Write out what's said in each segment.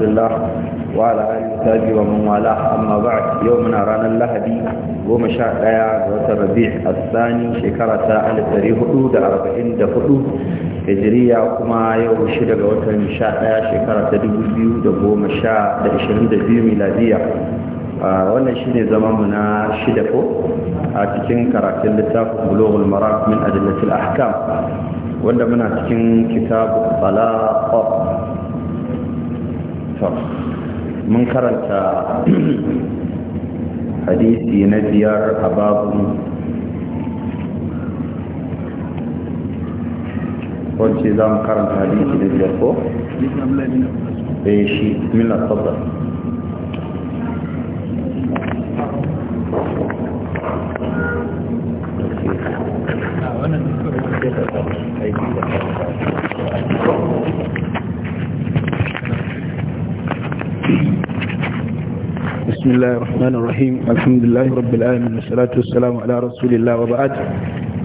رسول الله وعلى آله وصحبه ومن والاه أما بعد يومنا رانا اللهدي قوم شاء ليا ربيع الثاني شكرة ألف تاريخ حدود أربعين دفعو هجرية وكما يوم شدق وتن شاء ليا شكرة دبو بيو دبو مشاء دعشرين دبيو ميلادية wannan shi ne zamanmu na shida ko a cikin karatun littafin bulogun marak min adillatul ahkam wanda muna cikin kitabu talaq mun karanta hadisi na biyar a babu wacce za mu karanta hadisi na biyar ko? Eh shi, mina tabbata. بسم الله الرحمن الرحيم الحمد لله رب العالمين والصلاة والسلام على رسول الله وبعد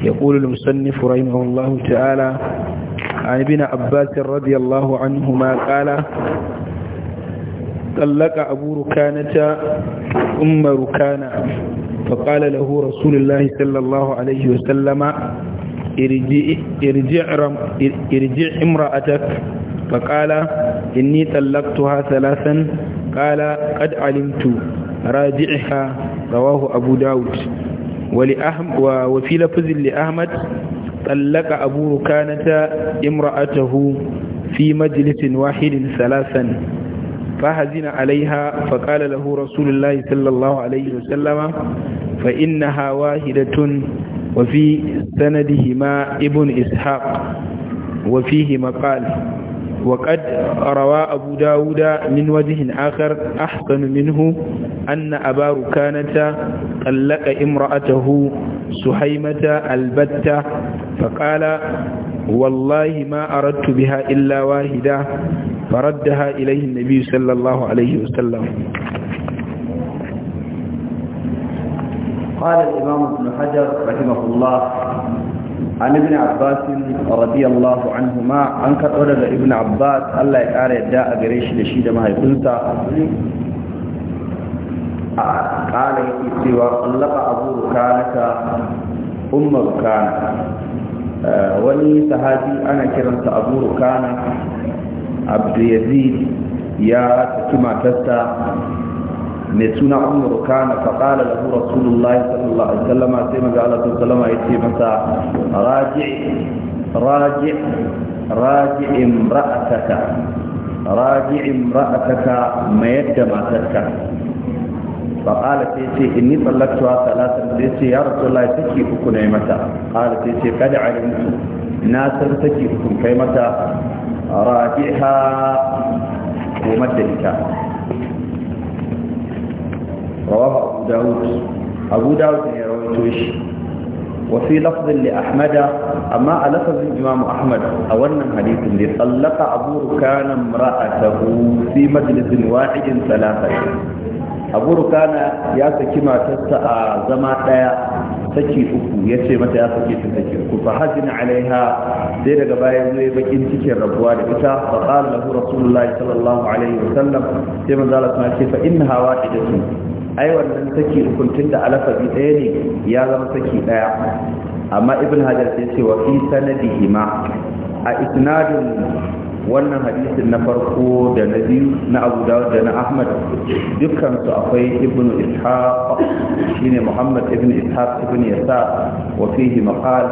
يقول المصنف رحمه الله تعالى عن ابن عباس رضي الله عنهما قال طلق أبو ركانة أم ركانة فقال له رسول الله صلى الله عليه وسلم ارجع, ارجع, ارجع امرأتك فقال إني طلقتها ثلاثا قال قد علمت راجعها رواه أبو داود ولأهم وفي لفظ لأحمد طلق أبو ركانة امرأته في مجلس واحد ثلاثا فهزن عليها فقال له رسول الله صلى الله عليه وسلم فإنها واحدة وفي سندهما ابن إسحاق وفيه مقال وقد روى أبو داود من وجه آخر أحسن منه أن أبا ركانة طلق امرأته سحيمة البتة فقال والله ما أردت بها إلا واحدة فردها إليه النبي صلى الله عليه وسلم قال الإمام ابن حجر رحمه الله an ibn abbas radiyallahu anhuma an karɓo daga ibn abbas Allah ya ƙara yadda a gare shi da shi da mahaifinsa a ƙara yake cewa tsallaka abu rukanaka umma rukana wani sahabi ana kiransa abu rukana abdu yazid ya saki matarsa mai suna umar kana faƙala da su rasulullahi sallallahu alaihi sallama sai maza ala sun sallama ya ce masa raji raji raji imra'ataka raji imra'ataka mayar da matarka فقال تيتي إني طلقتها ثلاثا تيتي يا رسول الله تكي أكون متى san take قد kai mata تكي ha كيمتى da ita. رواه أبو داود أبو داود يرويتوش وفي لفظ لأحمد أما على لفظ الإمام أحمد أولا حديث اللي طلق أبو ركان امرأته في مجلس واحد ثلاثة أبو ركان يا سكما تسعى زماتا saki uku ya ce mata ya sake ta saki uku fa hazina alaiha sai daga baya zai bakin cikin rabuwa da ita fa qala lahu rasulullahi sallallahu alaihi wa sallam sai manzo Allah ya ce fa innaha ai wannan saki hukuncin da alafabi ɗaya ne ya zama saki ɗaya amma ibn hajar sai ce wa fi a isnadin wannan hadisin na farko da na biyu na abu dawud da na ahmad dukkansu akwai ibn ishaq shine muhammad ibn ishaq ibn yasa wa fihi maqal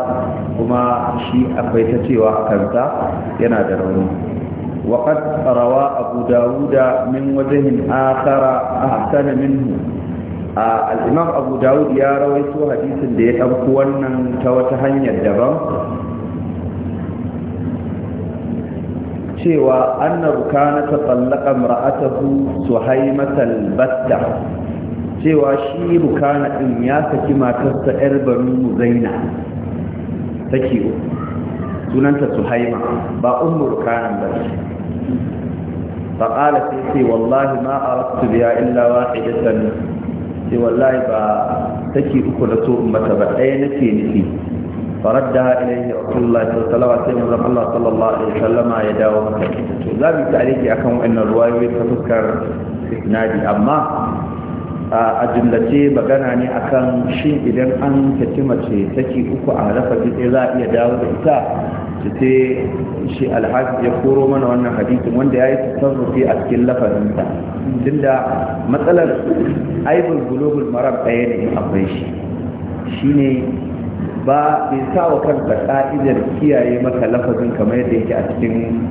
kuma shi akwai ta cewa kansa yana da rauni وقد روى أبو داود من وجه آخر أحسن منه آه الإمام أبو داود يا رويت حديث دي أبقوانا توتهن يدبا شوى أن ركانة طلق امرأته سهيمة البتة cewa shi rukana ɗin ya saki matarsa 'yar banu zaina take sunanta suhaima ba ummu rukanan ba faƙala sai ce wallahi ma a wasu biya illa wa a sai wallahi ba take uku na so in mata ba ɗaya nake nufi farar da ilayhi a kullum sai salawa sai mu zama Allah sallallahu alaihi wasallam ya dawo mata za mu yi tarihi akan wannan ruwayoyi ta fuskar nadi amma a jimlace magana ne akan shin idan an tafi mace take uku a rafa sai za a iya dawo da ita ta ce shi alhaji ya koro mana wannan hadisin wanda ya yi tasarrufi a cikin lafazinsa da matsalar aibul global maram ɗaya ne akwai shi shine ba bai sa wa kanka ka'idar kiyaye maka lafazin kamar yadda yake a cikin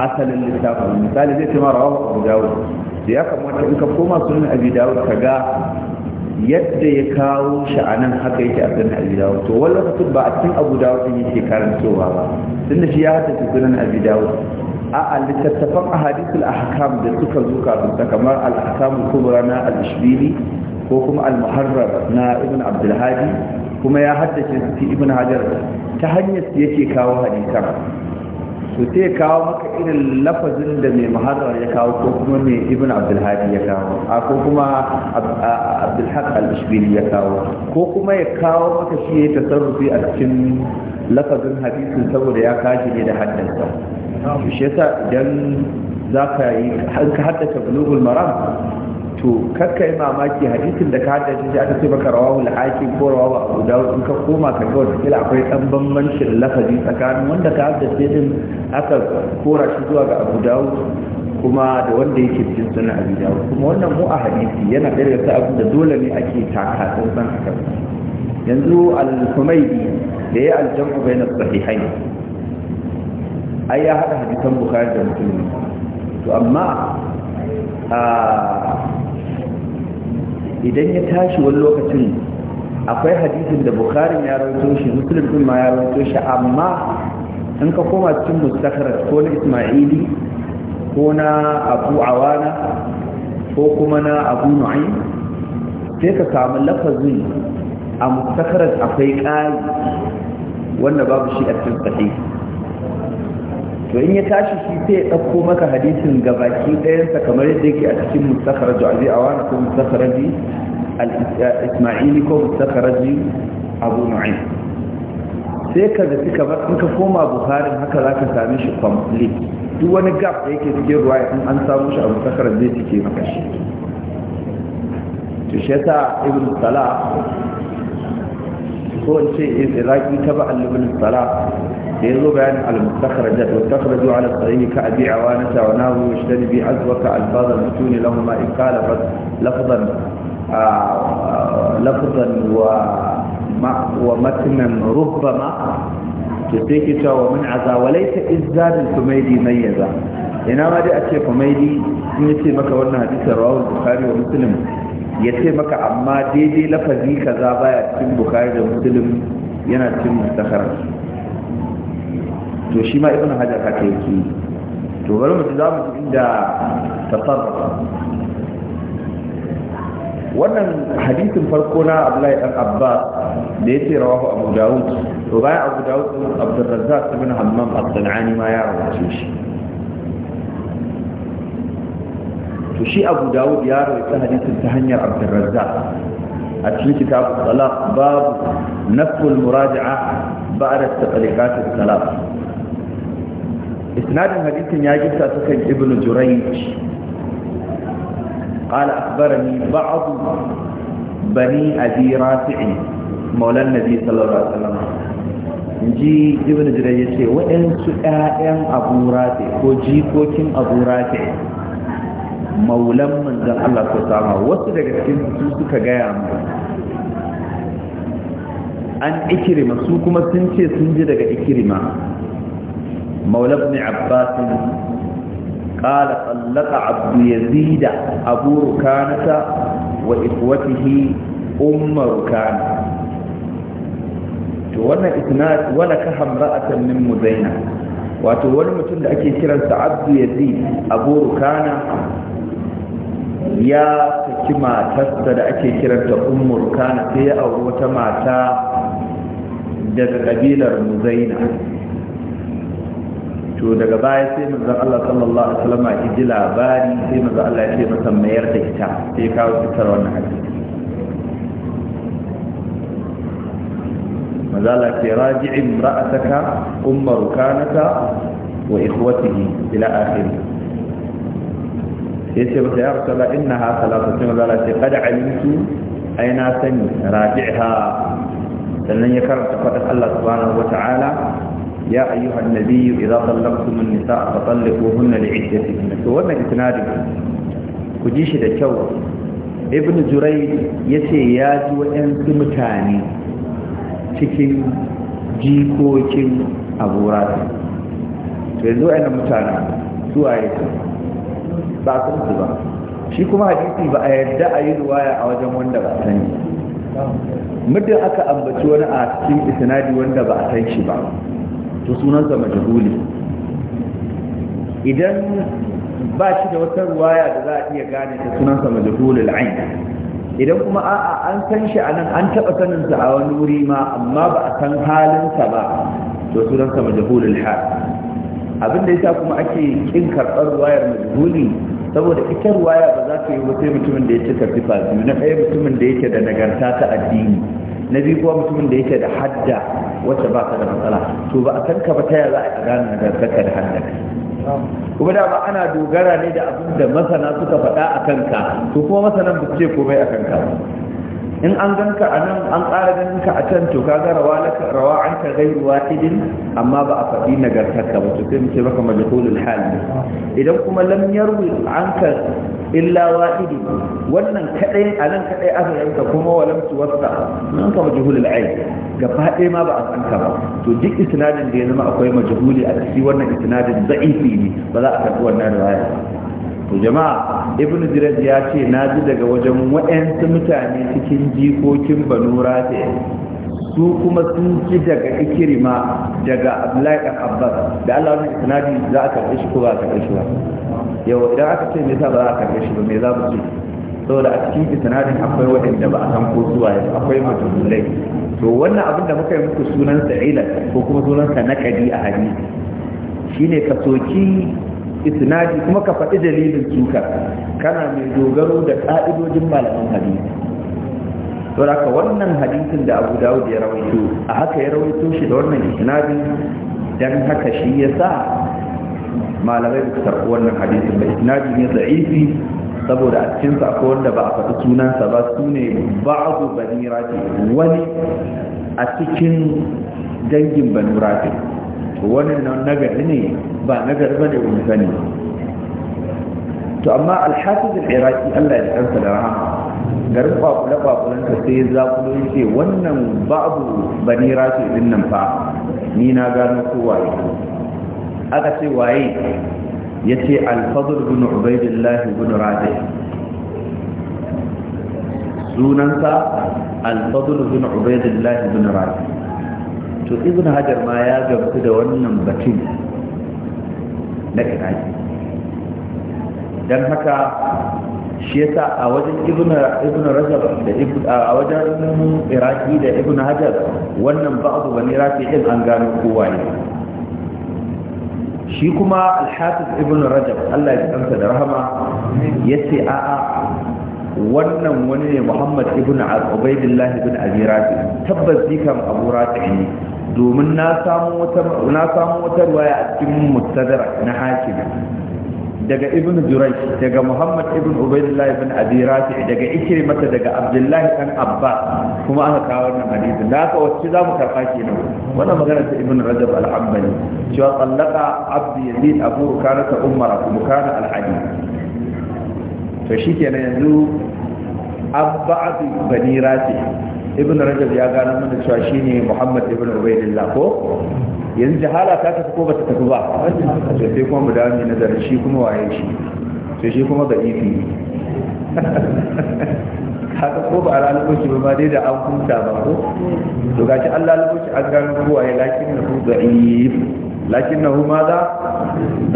asalin lissafin misali zai ce ma rawahu abu da ya kamata in ka koma sunan abi dawud ka ga yadda ya kawo shi a nan haka yake a sunan abi dawud to wani lokacin ba a cikin abu dawud din yake karantowa ba da shi ya haddace sunan abi dawud a littattafan ahadithul ahkam da suka zo kafin kamar al-ahkamul kubra na al-ishbili ko kuma al-muharrar na ibn abdul hadi kuma ya haddace su ibn hajar ta hanyar yake kawo hadisan to sai kawo maka irin lafazin da mai muharrar ya kawo ko kuma mai ibn abdulhadi ya kawo ko kuma abdulhaq al-ishbili ya kawo ko kuma ya kawo maka shi ya tasarrufi a cikin lafazin hadisin saboda ya kashi ne da haddansa shi yasa idan za ka yi haddace bulugul maram to kakka yi mamaki hadisin da ka hada shi aka ce maka rawahu al-hakim ko rawahu abu dawud in ka koma ka ga wata kila akwai dan bambancin lafazi tsakanin wanda ka hada shi din aka kora shi zuwa ga abu dawud kuma da wanda yake cikin sunan abu dawud kuma wannan mu a hadisi yana ɗaya daga abin da dole ne ake taka tsantsan a kan yanzu al-humaydi da ya al-jam'u bayna sahihain ai ya hada hadisan bukhari da muslim to amma a ah, idan ya tashi wani lokacin akwai hadisin da bukharin ya rawaito shi muslim din ma ya rawaito shi amma in ka koma cikin mustakarat ko na isma'ili ko na abu awana ko kuma na abu nu'ayn sai ka samu lafazin a mustakharat akwai ƙari wanda babu shi a cikin sahihi to in ya tashi shi sai ya ɗauko maka hadisin gabaki ɗayansa kamar yadda yake a cikin mustakar ju'azi a wani ko mustakar ji al-ismaili ko mustakar ji abu nu'aim sai ka zafi kamar in ka koma buharin haka za ka same shi complete duk wani gap da yake cikin ruwa in an samu shi a mustakar zai cike maka shi to shi yasa ibn salah ko in ce iraki ta ba'al ibn salah يذوب عن المستخرجة والتخرج على الطريق كأبي عوانة وناه يشتري بعزوك ألفاظ المتون لهما إن كالفت لفظا آه، آه، لفظا ومتنا ربما تتكت من عذا وليس إزداد الحميدي ميزا هنا ما دي أتي كميدي نسي مكا ونا حديث رواه البخاري ومسلم يتي مكا أما دي دي لفظي كذابا يأتي البخاري ومسلم ينأتي المستخرج to shi ma ibn hajar haka yake to bari mu za mu inda tasarrufa wannan hadisin farko na Abdullahi dan Abbas da yake rawahu Abu Dawud to bayan Abu Dawud ibn Abdul Razzaq ibn Hammam al-Sanani ma ya rawaito shi to shi Abu Dawud ya rawaita hadisin ta hanyar Abdul Razzaq a cikin kitab Salaf babu nafsul muraja'a ba'da taqliqat al-talaq isnadin hadisin ya gita sukan kan ibn jurayj قال أخبرني بعض بني أبي رافع مولى النبي صلى الله عليه وسلم ji ibn jirai ya ce waɗansu ƴaƴan abu rafi ko jikokin abu rafi maulan manzan Allah ta sama wasu daga cikin su suka gaya mu an ikirima su kuma sun ce sun ji daga ikirima مولى ابن عباس قال طلق عبد يزيد ابو ركانه واخوته ام ركانه وانا اثنات ولا كه امراه من مزينه wato wani mutum da ake kiransa abdu yazid abu ya saki matarsa da ake kiranta ummu rukana sai ya auri wata mata daga ƙabilar muzaina to daga baya sai manzon Allah sallallahu alaihi wasallam ya ji labari sai manzon Allah ya ce masa mayar da ita sai kawo fitar wannan hadisi manzon Allah ya raji imra'ataka umma rukanaka wa ikhwatihi ila akhir sai ce masa ya rasulullah innaha salatu manzon Allah ya qad alimtu ai na sani raji'ha sannan ya karanta fadar Allah subhanahu wa ta'ala يا أيها النبي إذا طلقتم النساء فطلقوهن لعدتهن فوانا إسناد كجيش دكو ابن جريج يسي ياجي وإنس سمتاني cikin jikokin aburatu to yanzu ainihin mutane su ya ce ba a san su ba shi kuma hadisi ba a yarda a yi ruwaya a wajen wanda ba sani muddin aka ambaci wani a cikin isnadi wanda ba a san shi ba to sunansa majhuli idan ba shi da wata ruwaya da za a iya gane ta sunansa majhulul ain idan kuma a'a an san shi a nan an taɓa sanin sa a wani wuri ma amma ba a san halinsa ba to sunansa majhulul hal abin da yasa kuma ake kin karɓar ruwayar majhuli saboda ita ruwaya ba za ta yi sai mutumin da ya cika sifa biyu na ɗaya mutumin da yake da nagarta ta addini na biyu kuma mutumin da yake da hadda wacce ba ka da matsala to ba a san ka ba ta yaya za a gane da zaka da hankali kuma da ba ana dogara ne da abin da masana suka faɗa a kanka to kuma masanan ba su ce komai a kanka in an ganka a nan an ƙara ganinka a can to kaga rawa laka rawa an ka wahidin amma ba a faɗi nagartarka ba to sai mu maka majhulul hal idan kuma lam yarwi an ka illa wahidin wannan kadai a nan kadai aka yanka kuma walam tuwassa nan ka majhulul ayn gaba ɗaya ma ba a san ka ba to duk isnadin da ya zama akwai majhuli a ciki wannan isnadin da'ifi ne ba za a karɓi wannan riwaya to jama'a ibn jiraj ya ce na ji daga wajen waɗansu mutane cikin jikokin banu rafi su kuma sun ji daga ikirima daga abdullahi dan abbas da allah wani isnadi za a karɓi shi ko ba a karɓi shi ba yau idan aka ce me yasa ba za a karɓi shi ba me za mu ce saboda a cikin sanadin akwai waɗanda ba a san ko zuwa yanzu akwai matulai to wannan abin da muka yi muku sunan sa ko kuma sunan sa nakadi a hadisi shine kasoki isnadi kuma ka faɗi dalilin cutar kana mai dogaro da ƙa'idojin malaman hadisi don haka wannan hadisin da abu dawud ya rawaito a haka ya rawaito shi da wannan isnadi dan haka shi ya sa malamai da wannan hadisin ba isnadi ne da'ifi saboda a cikin sa wanda ba a faɗi sunansa ba su ne ba'adu bani wani a cikin dangin banurati rafi wannan nan nagari ne ba nagari ba ne wani sani to amma alhafiz al-iraqi Allah ya kansa da rahama garin kwakule kwakulen ta sai za ku ce wannan babu bani rafi din nan fa ni na gano ko waye aka ce waye yace al-fadl bin ubaidillah bin rafi sunansa al-fadl bin ubaidillah bin rafi to ibn hajar ma ya gamsu da wannan batin? na kiraki don haka shi yasa a wajen ibn rajab da a wajen iraki da ibn hajar wannan ba'adu bani rafi'in an gano kowa ne shi kuma alhafiz ibn rajab Allah ya tsanta da rahama yace a a wannan wani ne Muhammad ibn Ubaidillah ibn Abi Rafi tabbas dikan Abu Rafi ne domin na samu wata ruwaya a cikin mustadrak na hakim daga ibn jurayj daga muhammad ibn ubaidillah ibn abi daga daga mata daga abdullahi dan abba kuma aka kawo wannan hadisi da aka wacce zamu karba kenan wannan magana ta ibn rajab al-hanbali cewa sallaka abdu yazid abu kana ta ummara kuma kana al-hadith to shikenan yanzu abba bani rafi ibn rajab ya gano mana cewa shine muhammad ibn ubaidillah ko yanzu jahala ta tafi ko bata tafi ba to sai kuma mu dawo ne nazarin shi kuma waye shi to shi kuma ga ifi haka ko ba ala lokaci ba dai da an kunta ba ko to gashi Allah lokaci an gano ko waye lakin na hu da'if lakin na hu maza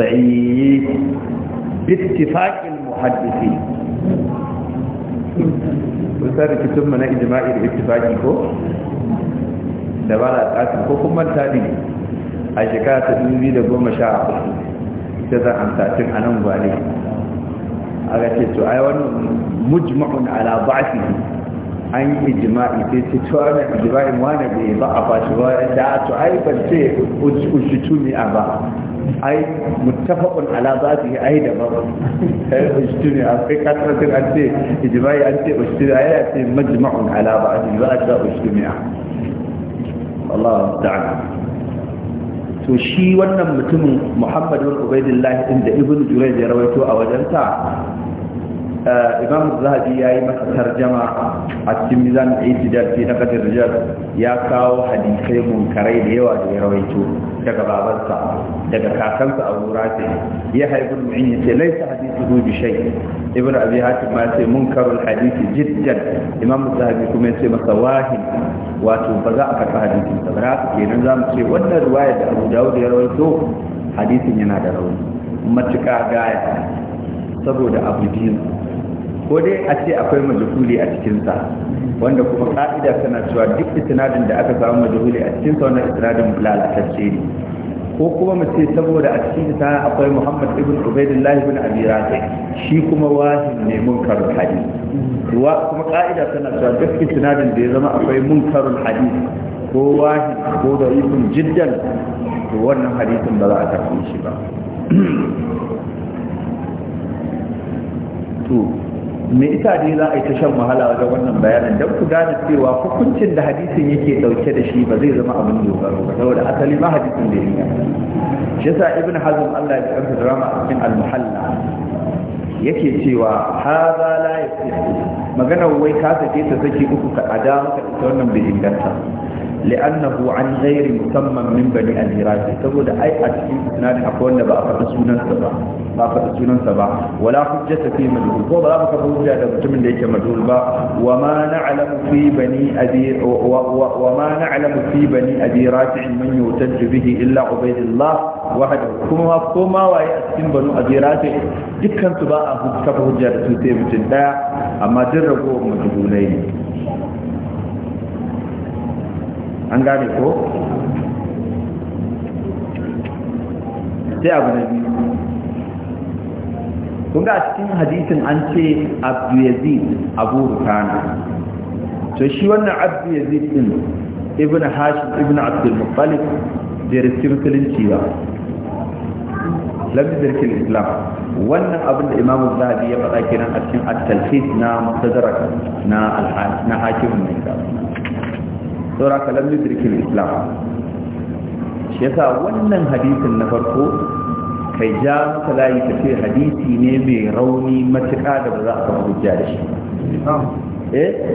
da'if bi ittifaqil muhaddisi kun san rikicin mu na ijma'i da ittifaqi ko da ba la tsaka ko kuma tadi a shekara ta 2014 ta zan amsa tun anan gwale aka ce to ai wannan mujma'un ala ba'thihi an yi ijma'i sai ce to ana ijma'in wani bai ba a fashi ba da to ai ban ce ushutumi a ba ai muttafaqun ala zatihi ai da ba ai ijtini a kai ka tsara din an ce ijma'i an ce ijtini ai ya ce majma'un ala ba'di ba a ce ijtini Allah ta'ala to shi wannan mutumin Muhammadu bin Ubaidillah inda Ibn Jurayj ya rawaito a wajensa Eh, imam zahabi ya yi masa tarjama a cikin mizan itidal fi na kadar rijal ya kawo hadisai munkarai da yawa da ya rawaito daga babansa daga kakansa a wurace ya haibu mu'in ya ce laisa hadisi hu bi shay ibn abi hatim ma ce munkarul hadisi jiddan imam zahabi kuma ya ce masa wahin wato ba za a karɓi hadisin sa ba kenan za mu ce wannan riwaya da abu dawud ya rawaito hadisin yana da rauni matuƙa gaya saboda abu biyu ko dai a ce akwai majhuli a cikinsa wanda kuma ka'ida tana cewa duk istinadin da aka samu majhuli a cikinsa wannan istinadin lalatacce ne ko kuma mu ce saboda a cikin ta akwai Muhammad ibn Ubaidillah ibn Abi shi kuma wahin ne munkarul hadith wa kuma ka'ida tana cewa duk istinadin da ya zama akwai munkarul hadith ko wahin ko da ifin jiddan to wannan hadisin ba za a karɓi shi ba to me ita dai za a yi ta shan wahala wajen wannan bayanin don ku gane cewa hukuncin da hadisin yake dauke da shi ba zai zama abin dogaro ba saboda asali ma hadisin da ya shi yasa ibn hazm Allah ya karanta drama a cikin al-muhalla yake cewa hadha la yasih magana wai ka sake ta saki uku ka ada maka ita wannan bai inganta li'annahu an ghairi musamman min bani al-hiraji saboda ai a cikin isnadin akwai wanda ba a faɗi sunansa ba ba a faɗi sunansa ba wala hujjata fi majhul ko ba za ka hujja da mutumin da yake majhul ba wa ma na'lamu fi bani abi wa ma na'lamu fi bani abi rafi' man yutajju bihi illa ubaydullah wahda kuma ko ma waye a cikin banu abi rafi' dukkan su ba a hujja da su sai mutum daya amma duk ragowar majhulai ne an gane ko sai abu na biyu kun ga cikin hadisin an ce abu yazid abu rukana to shi wannan abu yazid din ibn hashim ibn abdul muttalib da riski musulunci ba lamin zirkin islam wannan abin da imamu zahabi ya faɗa kiran a cikin at-talhis na mutazarrak na al-hakim mai saura kalam yudrikil islam shi yasa wannan hadisin na farko kai ja maka layi ka ce hadisi ne mai rauni matuƙa da ba za a kama hujja da shi eh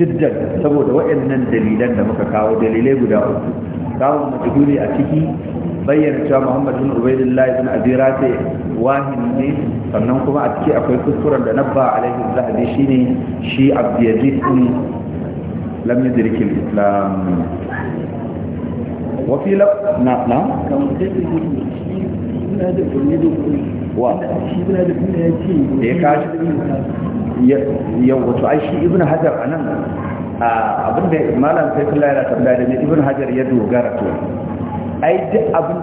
jiddan saboda waɗannan dalilan da muka kawo dalilai guda uku samun majhuli a ciki bayyana cewa Muhammad bin Ubaidillah bin Azira wahin ne sannan kuma a ciki akwai kuskuren da nabba alaihi zahabi shine shi Abdiyazid لم يدرك الإسلام وفي لا نعم نعم wa da ya shi ibn hajar a nan abinda malam sai kula yana tambaya da ne ibn hajar ya dogara to ai duk abin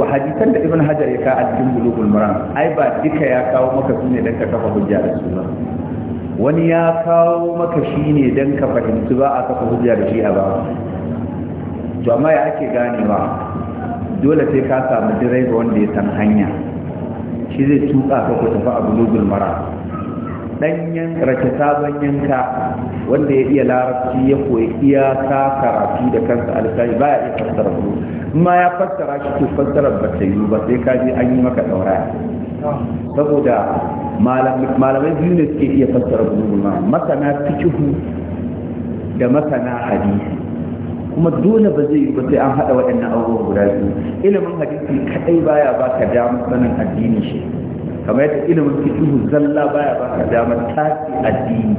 wa hadisan da ibn hajar ya ka a cikin bulugul ba duka ya kawo maka su ne ka kafa hujja da wani ya kawo maka shi ne don ka fahimci ba a kafa hujja da shi a ba to amma ya ake ba, dole sai ka samu direba wanda ya san hanya shi zai tuka ka ku tafi a bulugul mara danyen rake sabon yanka wanda ya iya larabci ya koyi iyaka karatu da kansa ba baya iya fassara ba ma ya fassara shi to fassara ba ta yi ba sai ka je an yi maka ɗaura saboda malamai biyu ne suke iya fassara bulugul masana fikihu da masana hadisi kuma dole ba zai yi ba sai an haɗa waɗannan abubuwan guda biyu ilimin hadisi kaɗai baya ba ka damar sanin addini shi kamar yadda ilimin fikihu zalla baya ba ka damar tafi addini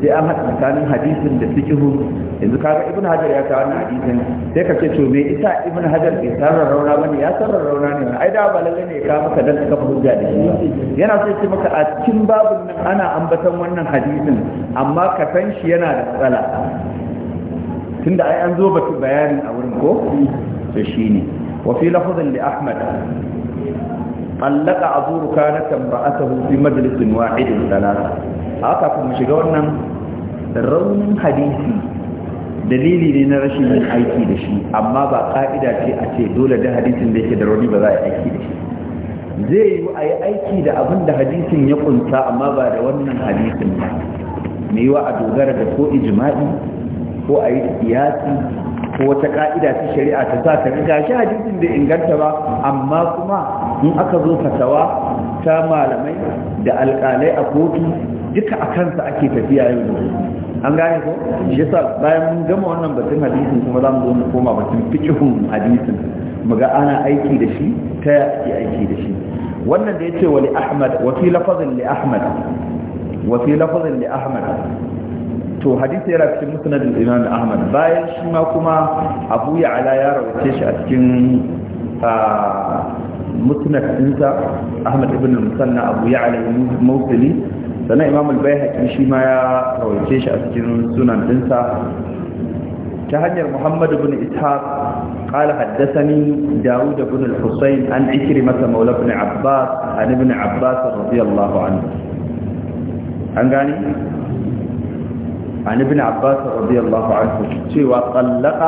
sai an haɗa tsakanin hadisin da fikihun yanzu kaga ibn hajar ya kawo wannan hadisin sai ka ce to me ita ibn hajar bai sarar rauna bane ya sarar rauna ne ai da ba lalle ne ka maka dan ka hujja da shi yana so ce maka a cikin babun nan ana ambaton wannan hadisin amma ka san shi yana da tsala. tunda ai an zo batu bayanin a wurin ko to shine wa fi lafzin li ahmad allaka azuru na tamra'atuhu fi majlisin wahidin salasa haka kuma shiga wannan raunin hadisi dalili ne na rashin yin aiki da shi amma ba ka'ida ce a ce dole da hadisin da yake da rauni ba za a yi aiki da shi zai yi a yi aiki da abin da hadisin ya kunta amma ba da wannan hadisin ba mai yiwa a dogara da ko ijma'i ko a yi siyasi ko wata ka'ida ta shari'a ta sa ta riga shi hadisin da inganta ba amma kuma in aka zo fatawa ta malamai da alƙalai a kotu duka a kansa ake tafiya yau da an gane ko shi yasa bayan mun gama wannan batun hadisin kuma za mu zo mu koma batun fikihun hadisin mu ga ana aiki da shi ta ake aiki da shi wannan da yace wali ahmad wa fi lafazin li ahmad wa fi lafazin li ahmad to hadisi yana cikin musnad imam ahmad bayan shi ma kuma abu ya ala ya rawace shi a cikin ah, musnad ɗinsa ahmad ibn musanna abu ya ala mawsili sannan imam al-bayhaqi shi ma ya rawaice shi a cikin sunan ɗinsa ta hanyar muhammad ibn ishaq قال حدثني داود بن الحسين عن عكرمة مولى بن عباس عن ابن عباس رضي الله عنه عن عن ابن عباس رضي الله عنه سوى طلق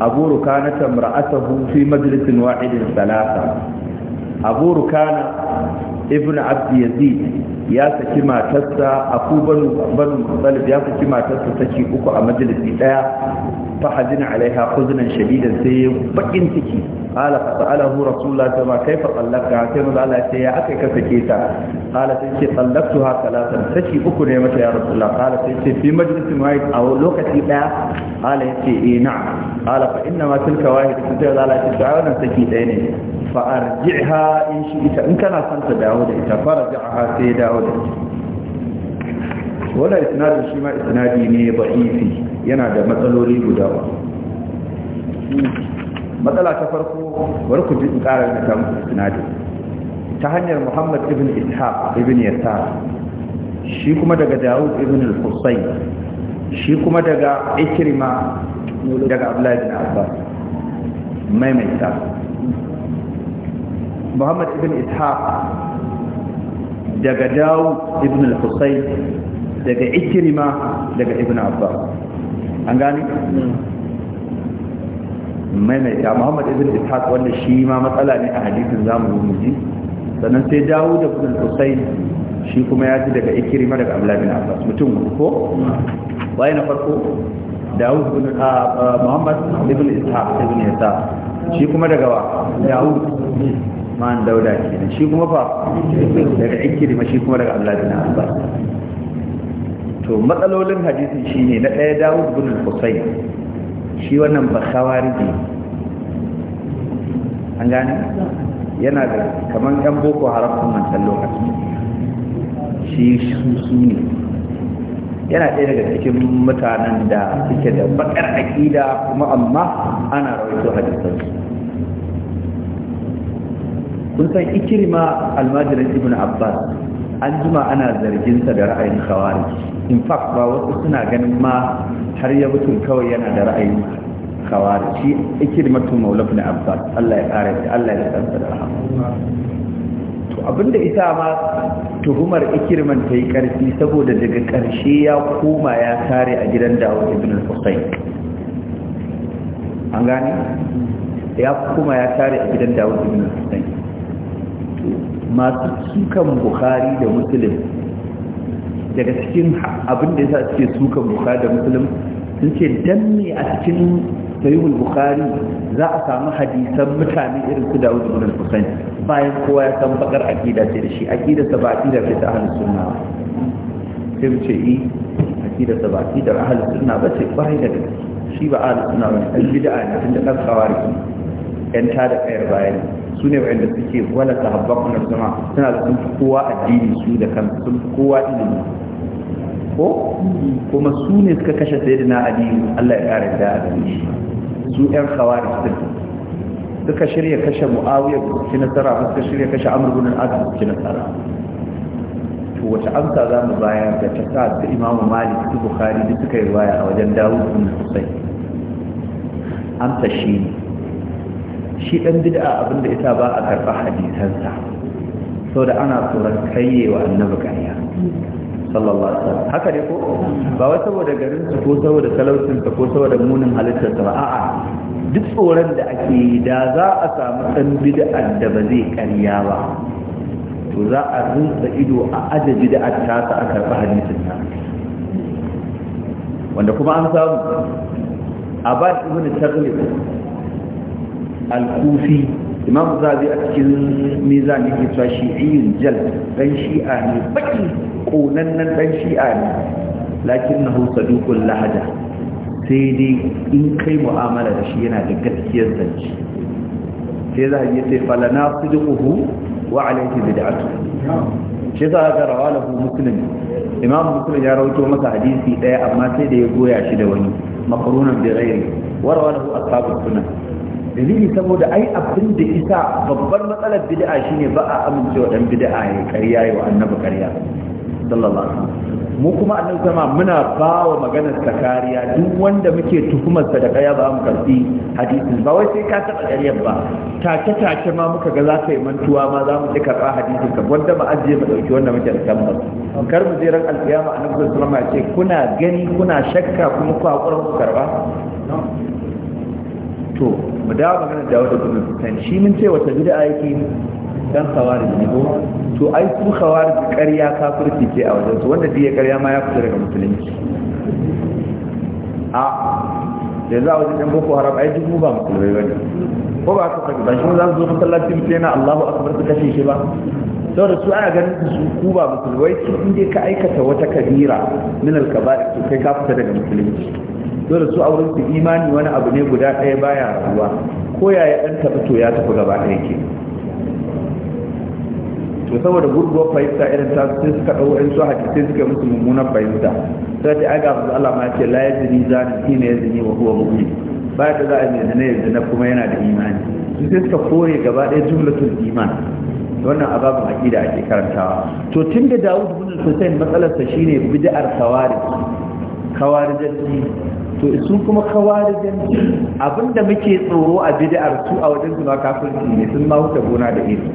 abu rukana ta mar'atahu fi majalisin wahidin salasa abu rukana ibn abdi yazid ya saki matarsa aku banu ya saki matarsa uku a majalisi daya fa hazina alaiha huzunan shadidan sai ya bakin ciki qala fa ta ma kaifa tallaka sai mun Allah sai ya akai ka sake ta qala sai ce tallaktuha saki uku ne mata ya rasulullah qala sai ce fi majlisin wahid a lokaci daya qala yace eh na'am qala fa inna ma tilka wahid sai Allah ya ce wannan saki daya ne fa arji'ha in shi ita in dawo da ita da ita ne yana da matsaloli guda ba matsala ta farko bari ku ji in ƙara da ta sinadi ta hanyar muhammad ibn ishaq ibn yasar shi kuma daga dawud ibn al-husayn shi kuma daga ikrima daga abdullahi bin abbas maimaita muhammad ibn ishaq daga dawud ibn al-husayn daga ikrima daga ibn abbas an gani maimaita muhammad ibn ishaq wanda shi ma matsala ne a hadisin zamu muji sannan sai dawo da ibn sosai, shi kuma ya ji daga ikrima daga abdullah bin abbas mutum ko waye na farko dawo ibn muhammad ibn ishaq ibn yasa shi kuma daga wa dawo man dauda kenan shi kuma fa daga ma shi kuma daga abdullah bin abbas to matsalolin hadisin shine na ɗaya dawud bin husayn shi wannan ba khawariji an gane yana da kaman yan boko haram sun nan tallo a shi su ne yana ɗaya daga cikin mutanen da suke da bakar aƙida kuma amma ana rawaito su kun san ikirma almajirin ibn abbas an jima ana zarginsa da ra'ayin khawariji in fact ba wasu suna ganin ma har ya mutum kawai yana da ra'ayi kawar shi ikirmatu maula ibn abbas Allah ya kare shi Allah ya tsanta da rahama to abinda isa ma tuhumar ikirman ta yi karfi saboda daga karshe ya koma ya kare a gidan Dawud ibn al-Husayn an gane ya koma ya tare a gidan Dawud ibn Hussein masu sukan Bukhari da Muslim daga cikin abin da ya sa suke sukan bukhari da musulun, sun ce dan me a cikin sahihul bukhari za a samu hadisan mutane irin su Dawud ibn al-Husayn bayan kowa ya san bakar akida ce da shi akida ta ba akida ta ahlus sunna sai mu ce yi eh, akida ta ba akida ahlus sunna ba ce bai da shi ba ahlus sunna ba bid'a ne tun da kan kawari yan ta da kayar bayani su ne wa'anda suke wala sahabba kuna zama suna da sun kowa addini su da kan sun kowa ilimi ko kuma su ne suka kashe sayyidina ali Allah ya kare da shi su ƴan khawarij sun, suka shirya kashe muawiya ci nasara suka shirya kashe amr ibn al ci nasara to wace amsa za mu bayar da ta sa da imamu malik da bukhari da suka yi waya a wajen dawud bin sosai? amsa shi ne shi ɗan bid'a abinda ita ba a karɓa hadisansa so da ana tsoron kayyewa annabi ƙarya sallallahu alaihi wasallam haka ne ko ba wai saboda garin su ko saboda talaucin ko saboda munin halittar ba a'a duk tsoron da ake yi da za a samu ɗan bid'ar da ba zai ƙarya ba to za a rinsa ido a aje bid'ar ta ta a karɓi hadisin wanda kuma an samu a abad ibn taghlib Alkufi. kufi imam zabi a cikin mizan yake cewa shi'iyyun jal dan shi'a ne baki konannen dan shi'a ne lakinnahu saduqul lahada. sai dai in kai mu'amala da shi yana da gaskiyar zance sai za a yi sai falana sidquhu wa alayhi bid'atu shi za ga rawalahu muslim imam muslim ya rawaito masa hadisi daya amma sai da ya goya shi da wani makarunan bi ghairi wa rawalahu ashabu sunan dalili saboda ai abin da isa babbar matsalar bid'a shine ba a amincewa dan bid'a ya ƙarya ya annabi ƙarya sallallahu alaihi wasallam mu kuma annabi sama muna bawa maganar ta kariya duk wanda muke tuhumar sa da ƙarya ba mu karbi hadisin ba wai sai ka taba ƙaryar ba ta ce ma muka ga za ka yi mantuwa ma za mu ji ba hadisin ka wanda ba ajiye mu dauki wanda muke da kar mu je ran alƙiyama annabi sallallahu alaihi wasallam ya ce kuna gani kuna shakka kuma ku hakura ku karba to mu dawo magana da wata gudun kan shi mun ce wata bid'a yake dan kawar ne ko to ai su da ƙarya kafirci ce a wajen su wanda diya ƙarya ma ya fita daga musulunci a za a wajen ɗan boko haram ai duk mu ba musulmai ne? ko ba ka ba shi za su zo masallaci mu na Allahu akbar su kashe shi ba saboda su ana ganin su ku ba musulmai su inda ka aikata wata kabira min al-kaba'ir to kai ka fita daga musulunci dole su auren su imani wani abu ne guda ɗaya baya rabuwa ko ya ɗan tafi to ya tafi gaba ɗaya ke to saboda gurguwar fahimta irin ta sai suka ɗau su haƙi sai suka musu mummunan fahimta sai ta aga musu Allah ma ce la yazni zani kina yazni wa huwa mu'min ba da za a yi ne yanzu na kuma yana da imani su sai suka kore gaba ɗaya jumlatul iman wannan ababin aqida ake karantawa to tun da Dawud bin Hussein matsalarsa shine bid'ar khawarij kawarijanci to su kuma kawarijin abinda muke tsoro a bid'ar su a wajen kafin kafirci ne sun ma huta gona da iri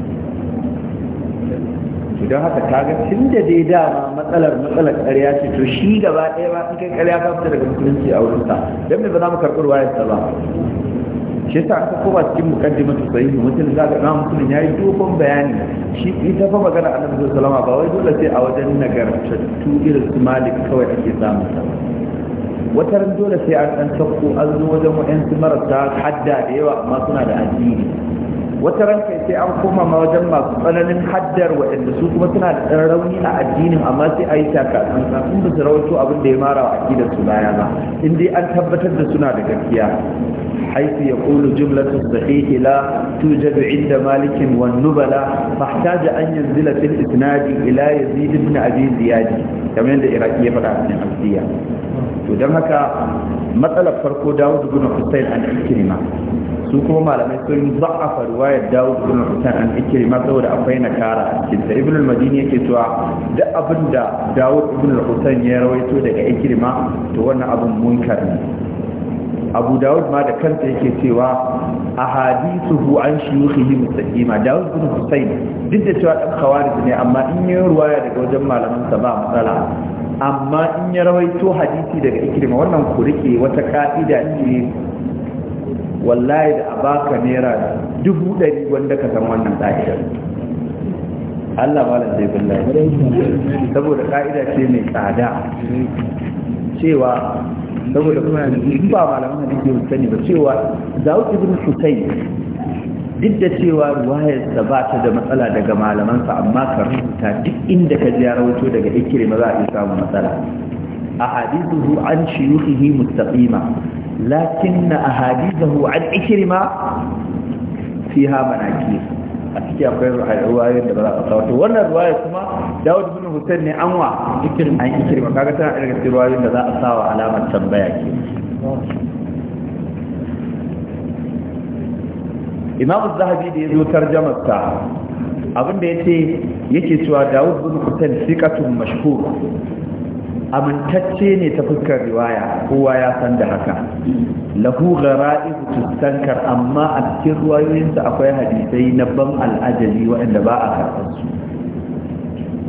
idan haka kaga tun da dai dama matsalar matsalar ƙarya ce to shi gaba ɗaya ba sun kai ƙarya ba su daga musulunci a wurin sa Don me ba za mu karɓi ruwayar sa ba shi yasa aka kowa cikin mukaddimatu sahihi mutum za ka ga mutum yi dogon bayani shi ita fa magana a sallallahu alaihi wasallam ba wai dole sai a wajen nagartattu irin su malik kawai ake samun wata dole sai an ɗan sakko an zo wajen waɗansu marasa hadda da yawa amma suna da addini wata ranka sai an koma ma wajen masu tsananin haddar waɗanda su kuma suna da ɗan rauni a addinin amma sai a yi shaka a in ba su rawaito abin da ya mara wa aƙidar su baya ba in dai an tabbatar da suna da gaskiya حيث يقول جملة الصحيح لا توجد عند مالك والنبلة فاحتاج أن ينزل في الإسناد إلى يزيد بن أبي زياد كما عند إراكية فتاة بن عبدية ودمك مسألة فرقو داود بن حسين عن الكلمة سوكو لم يكن ضعف رواية riwayar Dawud ibn Husayn an Ikrima saboda akwai nakara cikin ta Ibn al-Madini yake cewa duk abin da Dawud ibn Husayn ya rawaito daga Ikrima to wannan abin munkar ne Abu Dawud ma da kanta yake cewa ahadithu an shuyukhihi mustaqima Dawud ibn Husayn duk da cewa dan khawarij ne amma in ya riwaya daga wajen malaman sa ba matsala amma in ya rawaito hadisi daga Ikrima wannan kurike wata ka'ida ce wallahi da a baka naira dubu ɗari wanda ka san wannan ƙa'idar Allah da zai billahi saboda ƙa'ida ce mai tsada cewa saboda ba malaman da ke sani ba cewa za zawud ibn husayn duk da cewa da ba ta da matsala daga malamansa amma ka rubuta duk inda ka ji ya rawato daga ikirma za a iya samun matsala A ahadithu an shuyukhihi mustaqima lakin ahadithu an ikrima fiha manakir a cikin akwai ruwayar da ba za a kawo to wannan ruwaye kuma Dawud bin Hussein ne anwa an ikrima kaga tana da gaske ruwayoyin da za a sawa alamar tambaya ke Imam Zahabi da yazo tarjamar ta abinda ya yace yake cewa Dawud bin Hussein sikatun mashhur amintacce ne ta fuskar riwaya kowa ya san da haka lahu gara'ibu tustankar amma a cikin ruwayoyinsa akwai hadisai na ban al'ajali waɗanda ba a karɓar su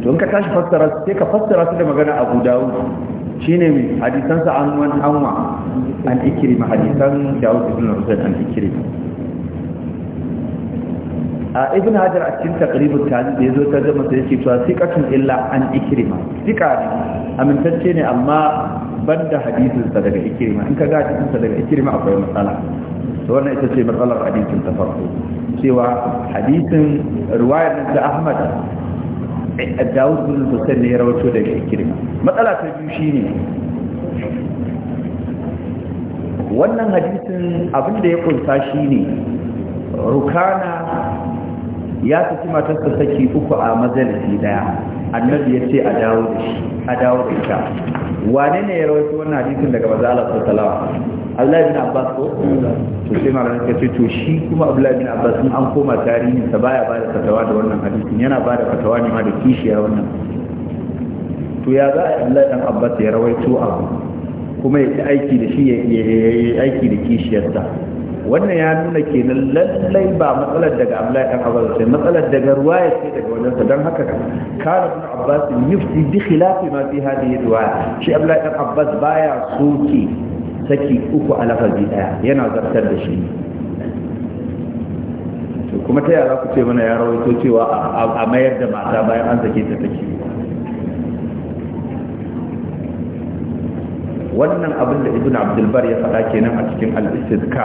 to in ka tashi fassara sai ka fassara su da magana abu dawud shine mai hadisansa an wani anwa an ikirima hadisan dawud ibn rusul an ikirima. a ibn hajar a cikin taqribut tani da yazo ta zama sai yake cewa siqatun illa an ikrima siqa ne amintacce ne amma banda hadisin sa daga ikrima in ka ga hadisin sa daga ikrima akwai matsala to wannan ita ce matsalar hadisin ta farko cewa hadisin riwayar nan ta Ahmad Dawud bin Hussein ne ya rawaito daga ikrima matsala ta biyu shine wannan hadisin abin da ya kunsa shine rukana ya matar matarsa saki uku a majalisi daya annabi ya ce a dawo da shi a dawo da ita wane ne ya rawaito wannan hadisin daga manzo Allah sallallahu alaihi Allah ibn Abbas ko to sai malamin ka ce to shi kuma Abdullah ibn Abbas in an koma tarihin sa baya da fatawa da wannan hadisin yana ba da fatawa ne ma da kishiya wannan to ya za Allah ibn Abbas ya rawaito abu kuma ya aiki da shi ya aiki da kishiyarsa wannan ya nuna kenan lallai ba matsalar daga Abdullahi dan Abbas sai matsalar daga ruwaya ce daga wajen sa dan haka kana ibn Abbas yufti bi khilafi ma fi hadhihi riwaya shi Abdullahi dan Abbas baya soke saki uku a lafazi daya yana zartar da shi kuma ta yara ku ce mana ya rawaito cewa a mayar da mata bayan an sake ta take wannan abin da ibn abdulbar ya faɗa kenan a cikin al'isirka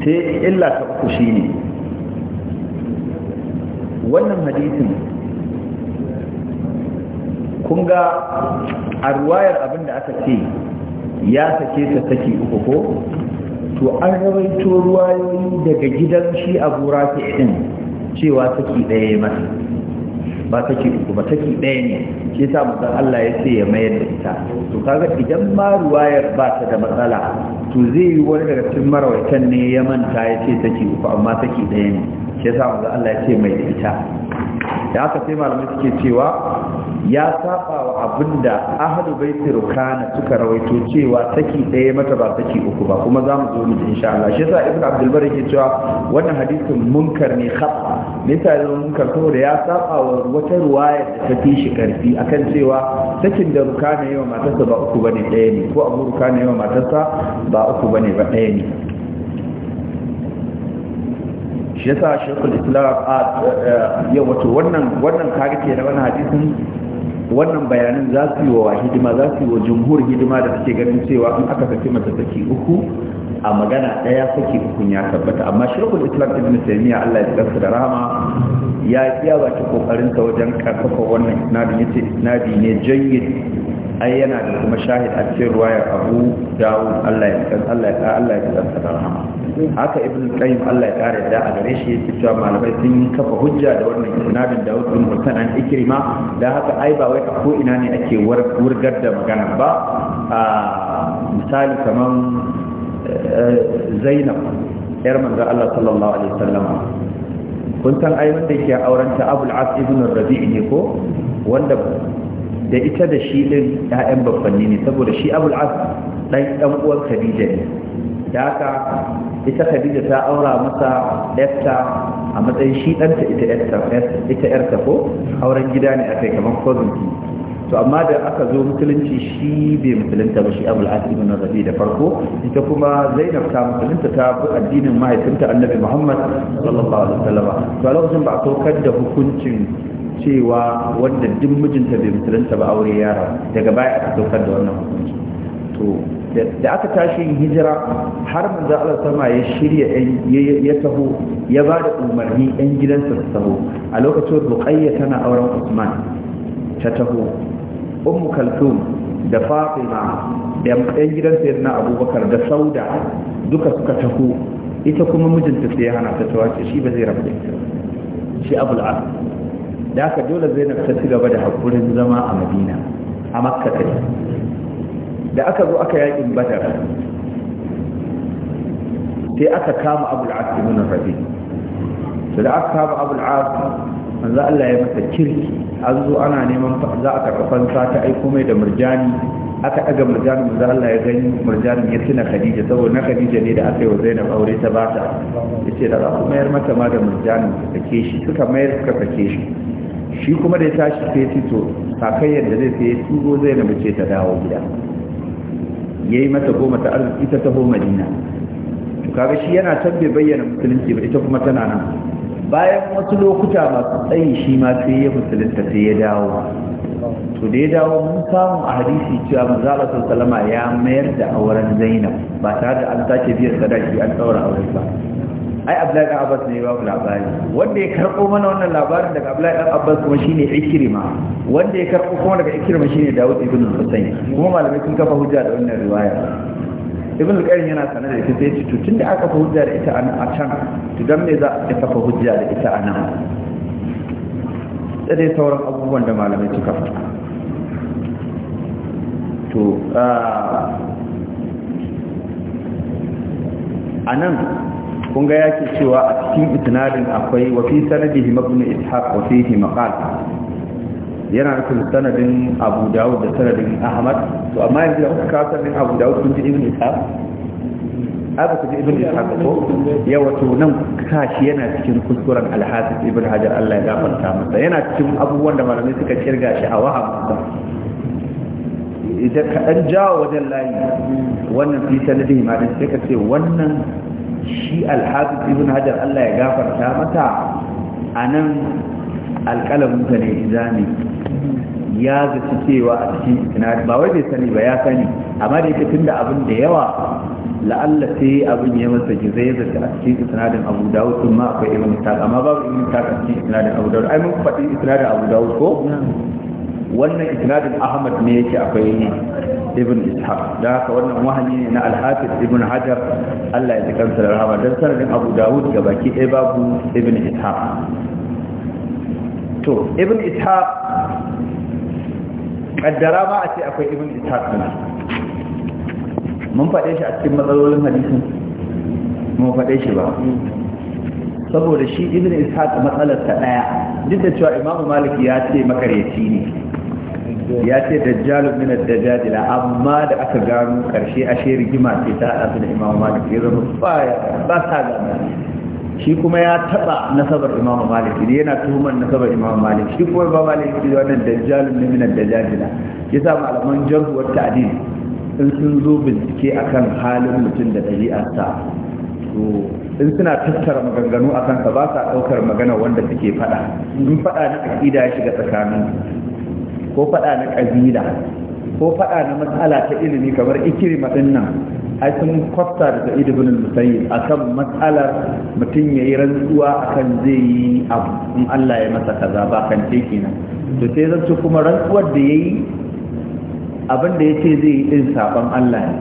sai illa ta uku shi ne wannan hadisin kun ga a ruwayar abin da aka ce ya sake ta saki uku ko to an rawaito ruwayoyi daga gidan shi abu rafi ɗin cewa saki ɗaya masa ba take uku ba take ɗaya ne shi yasa musan Allah ya ce ya mayar da ita to kaga idan ma ruwayar ba ta da matsala to zai yi wani daga cikin marawaitan ne ya manta ya ce take uku amma take ɗaya ne shi yasa musan Allah ya ce mai da ita da haka sai malamai suke cewa ya saba wa abin da ahalu baiti rukana suka rawaito cewa saki ɗaya mata ba saki uku ba kuma za mu zo mu insha Allah shi yasa Ibn abdul bari ke cewa wannan hadisin munkar ne khata ne yasa munkar saboda ya saba wa wata ruwaya da ta fi shi karfi akan cewa sakin da rukana yawa matarsa ba uku bane ɗaya ne ko abu rukana yawa matarsa ba uku bane ba ɗaya ne shi yasa shekul islam a yau wato wannan wannan kage ke na wannan hadisin wannan bayanan za su yi wa hidima za su yi wa jumhur hidima da suke ganin cewa in aka saki masa saki uku a magana ɗaya saki uku ya tabbata amma shirkul islam ibn taymiya Allah ya tsaka da rahama ya iya baki kokarin sa wajen karfafa wannan isnadi ne jayyid ai yana da kuma shahid a cikin ruwayar abu dawud allah ya kan allah ya allah ya kan sa rahama haka ibn qayyim allah ya kare da a gare shi yake cewa malamai sun kafa hujja da wannan isnadin dawud bin mutan an ikrima da haka ai ba wai ko ina ne ake wurgar da magana ba a misali kaman eh, zainab yar manzo allah sallallahu alaihi wasallam kun san ai wanda yake aurenta abul as ibn rabi'i ne ko wanda da ita da shi din ya'yan babbanni ne saboda shi abul as dan dan uwan khadija ne da haka ita khadija ta aura masa yarta a matsayin shi ɗanta ita yarta ita yarta ko auren gida ne akai kamar cousin to amma da aka zo musulunci shi bai musulunta ba shi abul asim ibn rabi da farko ita kuma zainab ta musulunta ta bi addinin mahaifinta annabi muhammad sallallahu alaihi wasallam to a lokacin ba a saukar da hukuncin cewa wanda duk mijinta bai musulunta ba aure yara daga baya aka saukar da wannan hukunci to da aka tashi hijira har za Allah sama ya shirya ya taho ya ba da umarni ɗan gidansa su taho a lokacin Ruqayya tana auren Usman ta taho Ummu Kalthum da Fatima da ɗan gidansa na Abubakar da Sauda duka suka taho ita kuma mijinta sai ya hana ta tawace shi ba zai rabu da ita shi Abul da haka dole zainab ta ci gaba da haƙurin zama a madina a makka da aka zo aka yakin badar sai aka kama abul as ibn rabi to da aka kama abul as manzo Allah ya masa kirki an zo ana neman za a karɓi fansa ta aiko mai da murjani aka ɗaga murjani manzo Allah ya gani murjani ya tuna Khadija saboda na Khadija ne da aka yi wa Zainab aure ta bata yace da za ku mayar mata ma da murjani ta sake shi suka mayar suka sake shi shi kuma da ya tashi sai ya fito kakai yadda zai sai turo zai na mace ta dawo gida ya yi mata goma ta arziki ta taho madina to kaga shi yana tabbe bayyana musulunci ba ita kuma tana nan bayan wasu lokuta masu tsayi shi ma sai ya musulunta sai ya dawo to da ya dawo mun samu a hadisi cewa manzo Salama ya mayar da auren Zainab ba tare da an sake biyar sadaki an daura auren ba ai abdullahi dan abbas ne ya babu labari wanda ya karɓo mana wannan labarin daga abdullahi dan abbas kuma shine ikrima wanda ya karɓo kuma daga ikrima shine dawud ibn husayn kuma malamai sun kafa hujja da wannan riwaya ibn al-qayyim yana sanar da ita sai ce to tunda aka kafa hujja da ita a can to dan me za a kafa hujja da ita a nan sai sauran abubuwan da malamai suka faɗa to ah, a nan kun ga yake cewa a cikin itinarin akwai wa fi sanadihi mabni ishaq wa fihi maqal yana nufin sanadin abu dawud da sanadin ahmad to amma yanzu da kuka sanadin abu dawud kun ji ibn ishaq aka ji ibn ishaq ko ya wato nan kashi yana cikin kuskuren alhafiz ibn hajar Allah ya gafarta masa yana cikin abubuwan da malamai suka kirga shi a waham idan ka dan jawo wajen layi wannan fi sanadin ma sai ka ce wannan shi Alhafi ibn hajar Allah ya gafarta mata a nan ta ne izami ya zaci cewa a cikin isnad ba wai bai sani ba ya sani amma da yake tunda abin da yawa la'alla sai abin ya masa gizo ya zaci a cikin isnadin Abu Dawud kuma akwai Ibn Sa'd amma babu Ibn Sa'd a cikin isnadin Abu Dawud ai mun faɗi sinadin Abu Dawud ko wannan isnadin ahmad ne yake akwai ibn ishaq da haka wannan wahani ne na al-hafiz ibn hajar Allah ya ji kansa da rahama dan sanadin abu dawud ga baki ɗaya babu ibn ishaq to ibn ishaq kaddara ma a ce akwai ibn ishaq ne mun faɗe shi a cikin matsalolin hadisin mun faɗe shi ba saboda shi ibn ishaq matsalar ta ɗaya, duk da cewa imamu maliki ya ce makaryaci ne ya ce dajjalu min da dajjal amma da aka gano karshe ashe rigima ce ta abu da imamu malik ya zama baya ba ta gano shi kuma ya taba nasabar imamu malik ne yana tuhumar nasabar imamu malik shi kuma ba malik ne wannan dajjalu min ad-dajjal yasa malaman jarh wa ta'dil in sun zo bincike akan halin mutum da ɗabi'arsa to in suna tattara maganganu a kansa ba sa ɗaukar magana wanda suke faɗa in faɗa na aƙida ya shiga tsakanin ko faɗa na ƙabila ko faɗa na matsala ta ilimi kamar ikirma ɗin nan ai sun kwafta da sa'id ibn musayyib akan matsalar mutum yayi rantsuwa akan zai yi abu in Allah ya masa kaza ba kan ce kenan to sai zan kuma rantsuwar da yayi abin da yace zai yi din saban Allah ne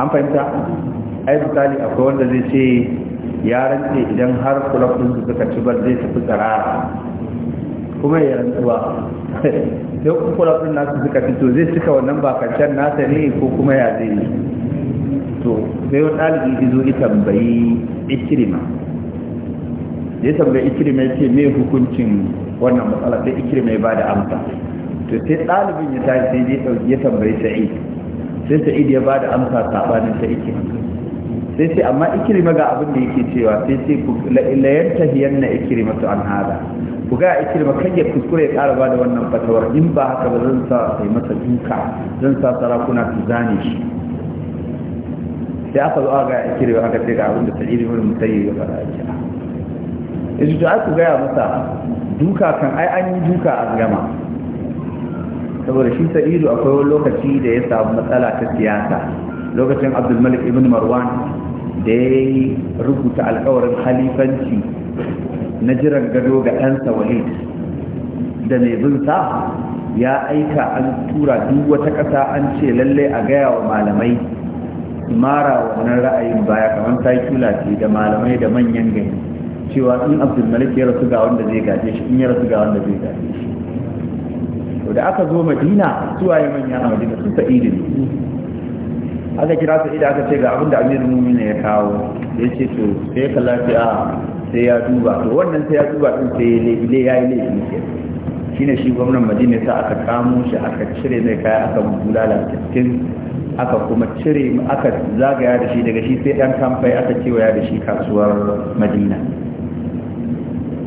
an fahimta ai misali akwai wanda zai ce ya rantse idan har kulafin su suka ci bar zai tafi tsara kuma ya rantsuwa sai kukura sun nasu suka fito zai cika wannan bakancen nasa ne ko kuma ya zai yi to sai wani ɗalibi zo ya tambayi ikirima ya tambayi ikirima ya ce me hukuncin wannan matsala sai ikirima ya ba da amsa to sai ɗalibin ya tashi sai ya tambayi sa'id sai sa'id ya ba da amsa saɓanin ta ikirima sai sai amma ikirima ga abin da yake cewa sai sai tahiyan na ikirima to an hada ku ga ikir ba kan ya kuskure ya ƙara ba da wannan fatawar in ba haka ba zan sa sai masa duka zan sa sarakuna su zane shi sai aka zo ga ikir ba aka ce ga abin da sa'id wani musayyib ya fara ki a to ta aka gaya masa duka kan ai an yi duka a gama saboda shi sa'idu akwai wani lokaci da ya samu matsala ta siyasa lokacin abdulmalik ibn marwan da ya yi rubuta alkawarin halifanci na jiran gado ga ɗansa walid da mai bin ya aika an tura duk wata ƙasa an ce lalle a gaya wa malamai mara wannan ra'ayin baya kamar saikula ce da malamai da manyan gari cewa in malik ya rasu ga wanda zai gaje shi in ya rasu ga wanda zai gaje shi da aka zo madina zuwa yi manya a madina su sa'idu ne aka kira sa'ida aka ce ga abin da amir mumina ya kawo ya ce to sai ka lafiya sai ya duba to wannan sai ya duba din sai ya yi ya ile shi ne shi gwamnan Madina sa aka kamo shi aka cire mai kaya aka bulala cikin aka kuma cire aka zagaya da shi daga shi sai dan kamfai aka kewaya da shi kasuwar Madina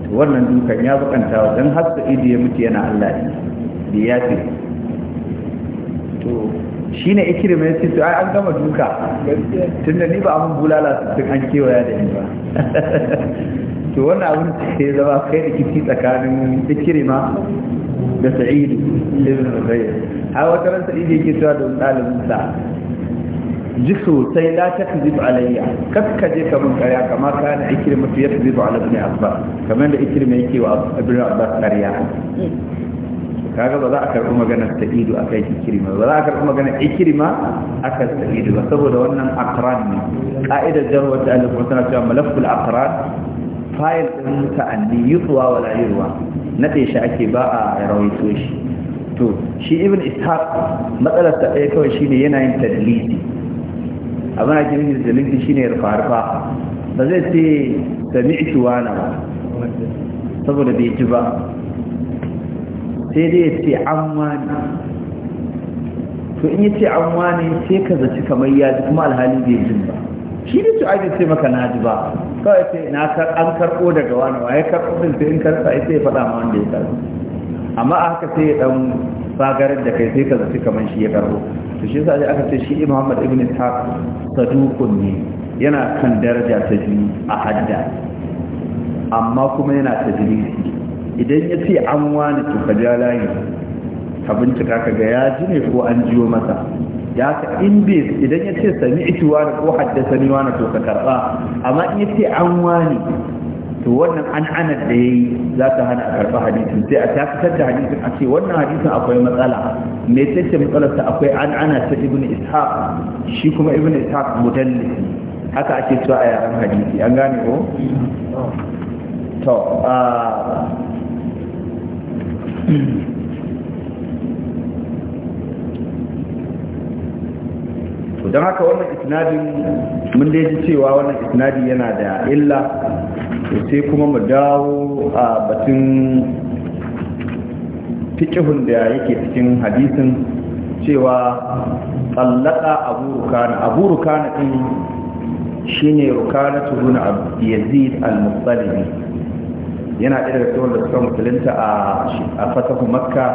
wannan dukan ya bukanta don har sa'idu ya mutu yana Allah ne ya ce to shi ne ikiri mai ce to ai an gama duka tunda ni ba abin bulala sun an kewaya da ni ba to wannan abin da ya zama kai da kiti tsakanin ikirima da sa'idu ibn musayyib har wata ran sa'idu yake cewa da ɗalibin sa ji sosai la ta kazib alayya kakka je ka mun karya kama kana ikirma tu ya kazib ala ibn abbas kamar da ikirma yake wa ibn abbas karya kaga ba za a karɓi maganar sa'idu a kai ikirma ba za a karɓi maganar ikirma a kan sa'idu ba saboda wannan akran ne ka'idar jarwar da alif wasu na cewa malaful akran fayil ɗin ta'addi yutsuwa wa layuwa na shi ake ba a rawaito shi to shi ibn ishaq matsalar ta ɗaya kawai shine yana yin tadlisi abin da kin yi tadlisi shine rufa rufa ba zai ce sami'tu wa na ba saboda bai ji ba sai dai ya ce an wani to in ya ce an wani sai ka zaci kamar ya ji kuma alhali bai jin ba shi ne su bai ce maka na ji ba kawai sai na an karɓo daga wani waye karɓo din sai in karɓa sai ya faɗa ma wanda ya karɓo amma a haka sai ya dan fagarar da kai sai ka zaci kamar shi ya karɓo to shi yasa aka ce shi Muhammad ibn Ishaq saduqun ne yana kan daraja ta biyu a hadda amma kuma yana tajlisi idan ya ce an wani to ka ka bincika ka ga ya ji ne ko an jiyo masa da haka in idan ya ce sami ituwa da ko haddasa ni wani to ka karba amma in ya ce an wani to wannan an ana da ya yi za ta hana a karba hadisin sai a dakatar da hadisin a ce wannan hadisin akwai matsala me ce ta akwai an ana ta ibn ishaq shi kuma ibn ishaq mudallis haka ake cewa a yaren hadisi an gane ko to don haka wannan isnadin mun da cewa wannan isnadi yana da illa sai kuma mu dawo a batun fikihun da yake cikin hadisin cewa tsallaka abu rukana abu rukana shi shine rukana a yazid al-mutsalibi yana ɗaya da da suka musulunta a fatahu makka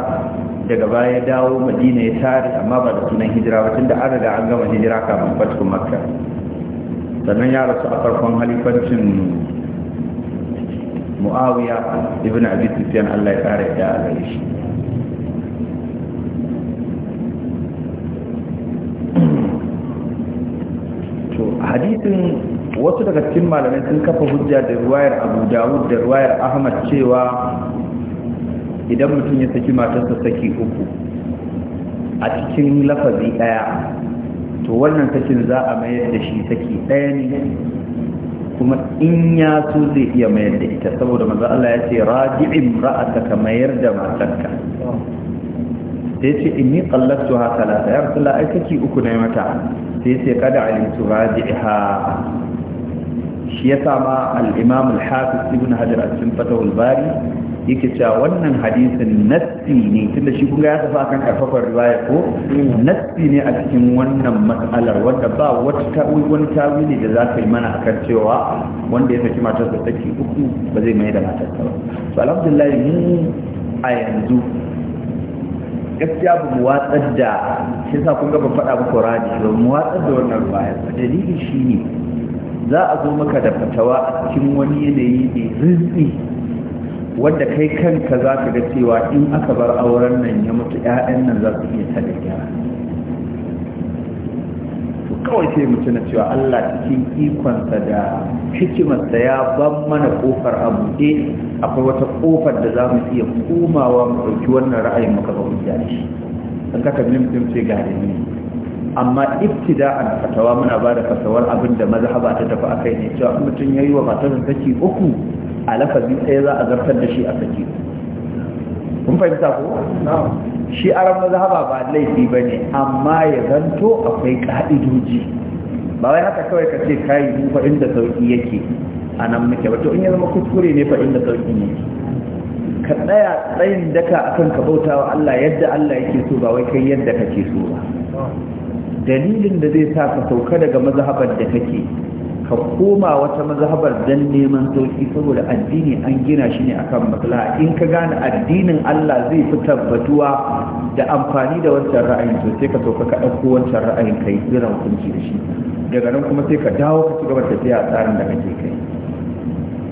daga baya ya dawo madina ya tare amma ba da sunan hijira ba tunda an riga an gama hijira kafin fatkun makka sannan ya rasu a farkon halifancin muawiya ibn abi sufyan Allah ya kare da a gare shi to hadisin wasu daga cikin malamai sun kafa hujja da ruwayar abu dawud da ruwayar ahmad cewa idan mutum ya saki matarsa saki uku a cikin lafazi ɗaya to wannan sakin za a mayar da shi saki ɗaya ne kuma in ya so zai iya mayar da ita saboda maza Allah ya ce raji'in ra'ataka mayar da matarka sai ce ni qallatu ha talata ya rasul ai saki uku ne mata sai ce kada alimtu ha shi ya sama al-imam al-hafiz ibn hajar a cikin fatahul bari yake cewa wannan hadisin nassi ne tunda shi kun ga ya tafi akan karfafar riwaya ko nassi ne a cikin wannan matsalar wanda ba wata wani ne da za ka yi mana akan cewa wanda ya saki matar da take uku ba zai mai da matar ba to alhamdulillah mu a yanzu gaskiya ba mu watsar da shi sa kun ga ba faɗa ba rani ba mu watsar da wannan riwaya dalili ne za a zo maka da fatawa a cikin wani yanayi mai rinsi wadda kai kanka za ka ga cewa in aka bar auren nan ya mutu 'ya'yan nan za su iya tada gyara kawai sai mutu na cewa Allah cikin ikonsa da hikimarsa ya ban mana kofar a buɗe akwai wata kofar da za mu iya komawa mu ɗauki wannan ra'ayin muka ba mu shi don kaka mutum ce ga ni amma a fatawa muna ba da fatawar abin da mazhaba ta tafi akai ne cewa mutum ya yi wa matarsa saki uku a lafazi ɗaya za a zartar da shi a saki kun fahimta ko shi aran mazhaba ba laifi ba ne amma ya zanto akwai ka'idoji ba wai haka kawai ka ce kayi dufa inda sauki yake a nan muke ba to in ya zama kuskure ne fa inda sauki ne ka tsaya tsayin daka akan ka bauta wa Allah yadda Allah yake so ba wai kai yadda kake so ba dalilin da zai sa ka sauka daga mazhabar da kake ka koma wata mazhabar dan neman sauki saboda addini an gina shi ne akan maslaha in ka gane addinin Allah zai fi tabbatuwa da amfani da wancan ra'ayin to sai ka so ka ɗauko wancan ra'ayin kai zira hukunci da shi daga nan kuma sai ka dawo ka ci gaba da tafiya tsarin da kake kai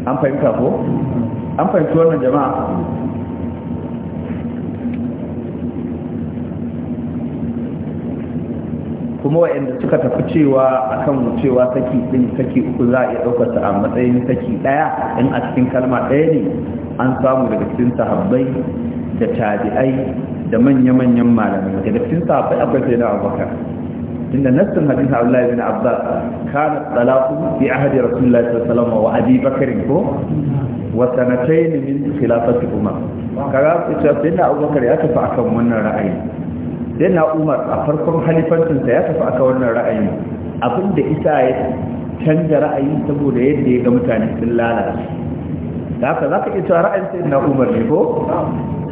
an fahimta ko an fahimci wannan jama'a kuma waɗanda suka tafi cewa akan cewa saki ɗin saki uku za a iya ɗaukar a matsayin saki ɗaya in a cikin kalma ɗaya ne an samu daga cikin sahabbai da tabi'ai da manya-manyan malamai daga cikin sahabbai akwai sai na abubakar inda nassin hadisi Abdullahi bin Abbas kana talaqu fi ahdi Rasulullahi sallallahu alaihi wasallam wa Abi Bakr ko wa sanatayn min khilafati Umar kaga ita sai na Abu ya tafi akan wannan ra'ayi sai na umar a farkon halifancinsa ya tafi aka wannan ra'ayi abinda isa ya canza ra'ayi saboda yadda ya ga mutane sun lalata. da haka za ka iya cewa ra'ayin sai na umar ne ko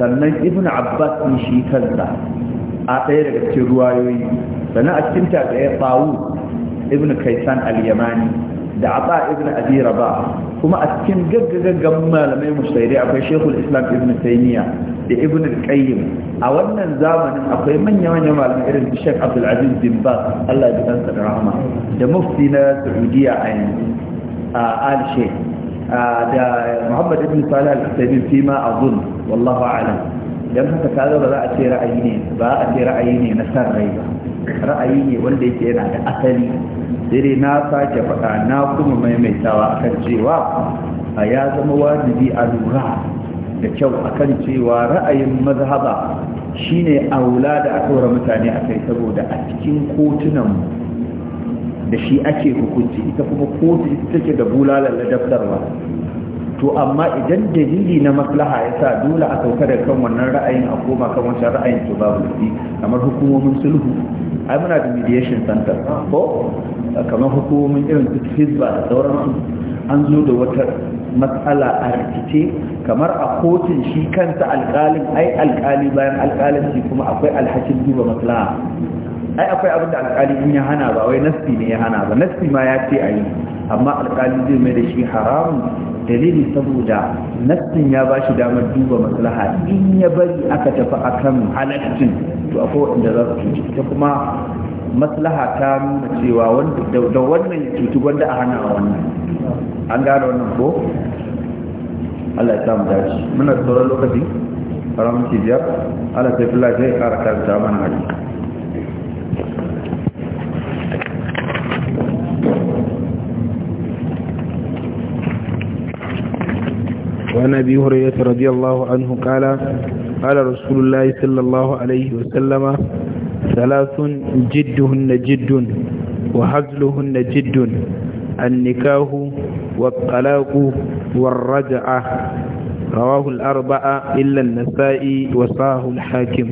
sannan ibn abbas ne shi kansa a ɗaya daga cikin ruwayoyi sannan a cikin tabi'ai tsawo ibn kaisan al-yamani da aba ibn abi rabah kuma a cikin gaggagaggan malamai mushahiri akwai shehu islam ibn taymiya da ibn al-qayyim a wannan zamanin akwai manya manya malamai irin Sheikh Abdul Aziz bin Baz Allah ya kansa da rahama da mufti na Saudiya a yanzu a Al Sheikh da Muhammad ibn Salih al-Uthaymeen fi ma azun wallahu a'lam dan haka kaza ba za a ce ra'ayi ne ba a ce ra'ayi ne na san rai ba ra'ayi ne wanda yake yana da asali dare na sake faɗa na kuma maimaitawa akan cewa a ya zama wajibi a lura da kyau a kan cewa ra'ayin mazhaba shine aula da a tsora mutane a kai saboda a cikin kotunan da shi ake hukunci ita kuma kotu ita take da bulalar ladabtarwa to amma idan dalili na maslaha ya sa dole a sauka da kan wannan ra'ayin a koma kan wancan ra'ayin to babu laifi kamar hukumomin sulhu ai muna da mediation center ko kamar hukumomin irin su hizba da sauransu an zo da wata matsala a rikice kamar a kotun shi kansa alkalin ai alkali bayan alkalin shi kuma akwai alhakin duba maslaha ai akwai abin da alkali in ya hana ba wai nasti ne ya hana ba nasti ma ya ce a yi amma alkali zai mai da shi haramun dalili saboda nassin ya ba shi damar duba maslaha in ya bari aka tafi akan halaccin to akwai wanda za su cuci ta kuma maslaha ta nuna cewa da wannan ya cuci wanda a hana wannan an gane wannan ko Allah ya samu dace muna tsoron lokaci faramanci biyar Allah sai fi lafiya ya kara karanta mana hadisi وعن أبي هريرة رضي الله عنه قال قال رسول الله صلى الله عليه وسلم ثلاث جدهن جد وهزلهن جد النكاه والطلاق والرجعة رواه الأربعة إلا النساء وصاه الحاكم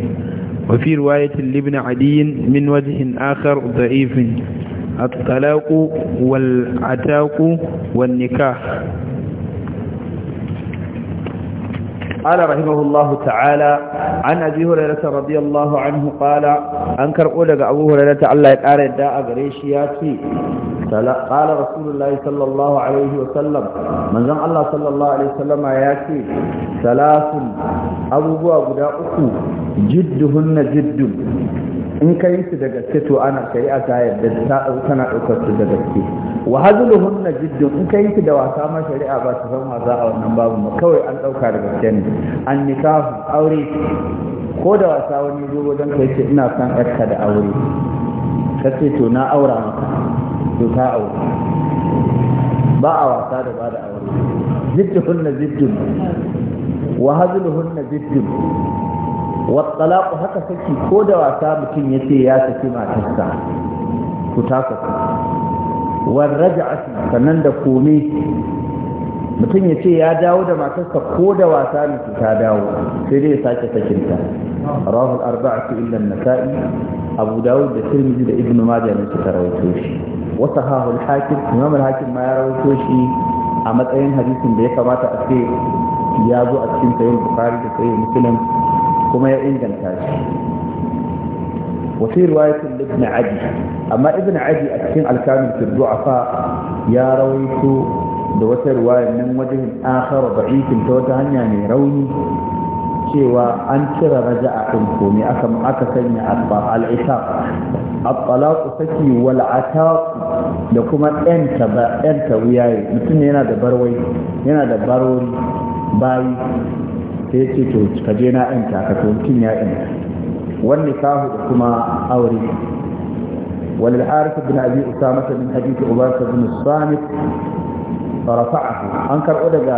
وفي رواية لابن عدي من وجه آخر ضعيف الطلاق والعتاق والنكاح قال رحمه الله تعالى عن أبي هريرة رضي الله عنه قال أنكر أولك أبو هريرة الله يتعالى الداء غريشياتي قال رسول الله صلى الله عليه وسلم من زم الله صلى الله عليه وسلم ياتي ثلاث أبو أبو داء جدهن جد in ka yi su da gaske to ana shari'a ta yadda ta tana ɗaukar su da gaske wa hazluhun na jiddin in ka yi su da wasa ma shari'a ba ta san wasa a wannan babu ma kawai an ɗauka da gaske ne an nikahu aure ko da wasa wani zo wajen kai ce ina son ƴarka da aure ka ce to na aura maka to ta aure ba a wasa da ba da aure jiddihun hunna jiddin wa hazluhun na jiddin watsalaku haka saki ko da wasa mutum ya ce ya saki matarsa ku ta saku warraja'atu sannan da kome mutum ya ce ya dawo da matarsa ko da wasa ne ta dawo sai dai ya sake sakinta rahu arba'atu illa an-nasa'i abu dawud da tirmidhi da ibnu majah ne suka rawaito shi wa sahahu al-hakim imam al-hakim ma ya rawaito shi a matsayin hadisin da ya kamata a ce ya zo a cikin sahih bukhari da sahih muslim kuma ya inganta shi wasu ruwa yakin ibn aji amma ibn aji a cikin alkamin turdu afa ya rawaito da wata ruwa nan wajen akhar da'ifin ta wata hanya mai rauni cewa an cire raja a kan komi aka aka sanya asba al'isa saki wal ataq da kuma ɗan ta ba ɗan ta yana da barwai yana da barori bayi sai ce to ka je na in ka to mutum ya in wani kahu da kuma aure wal harith ibn abi usama min hadith ubasa ibn samit An أنكر daga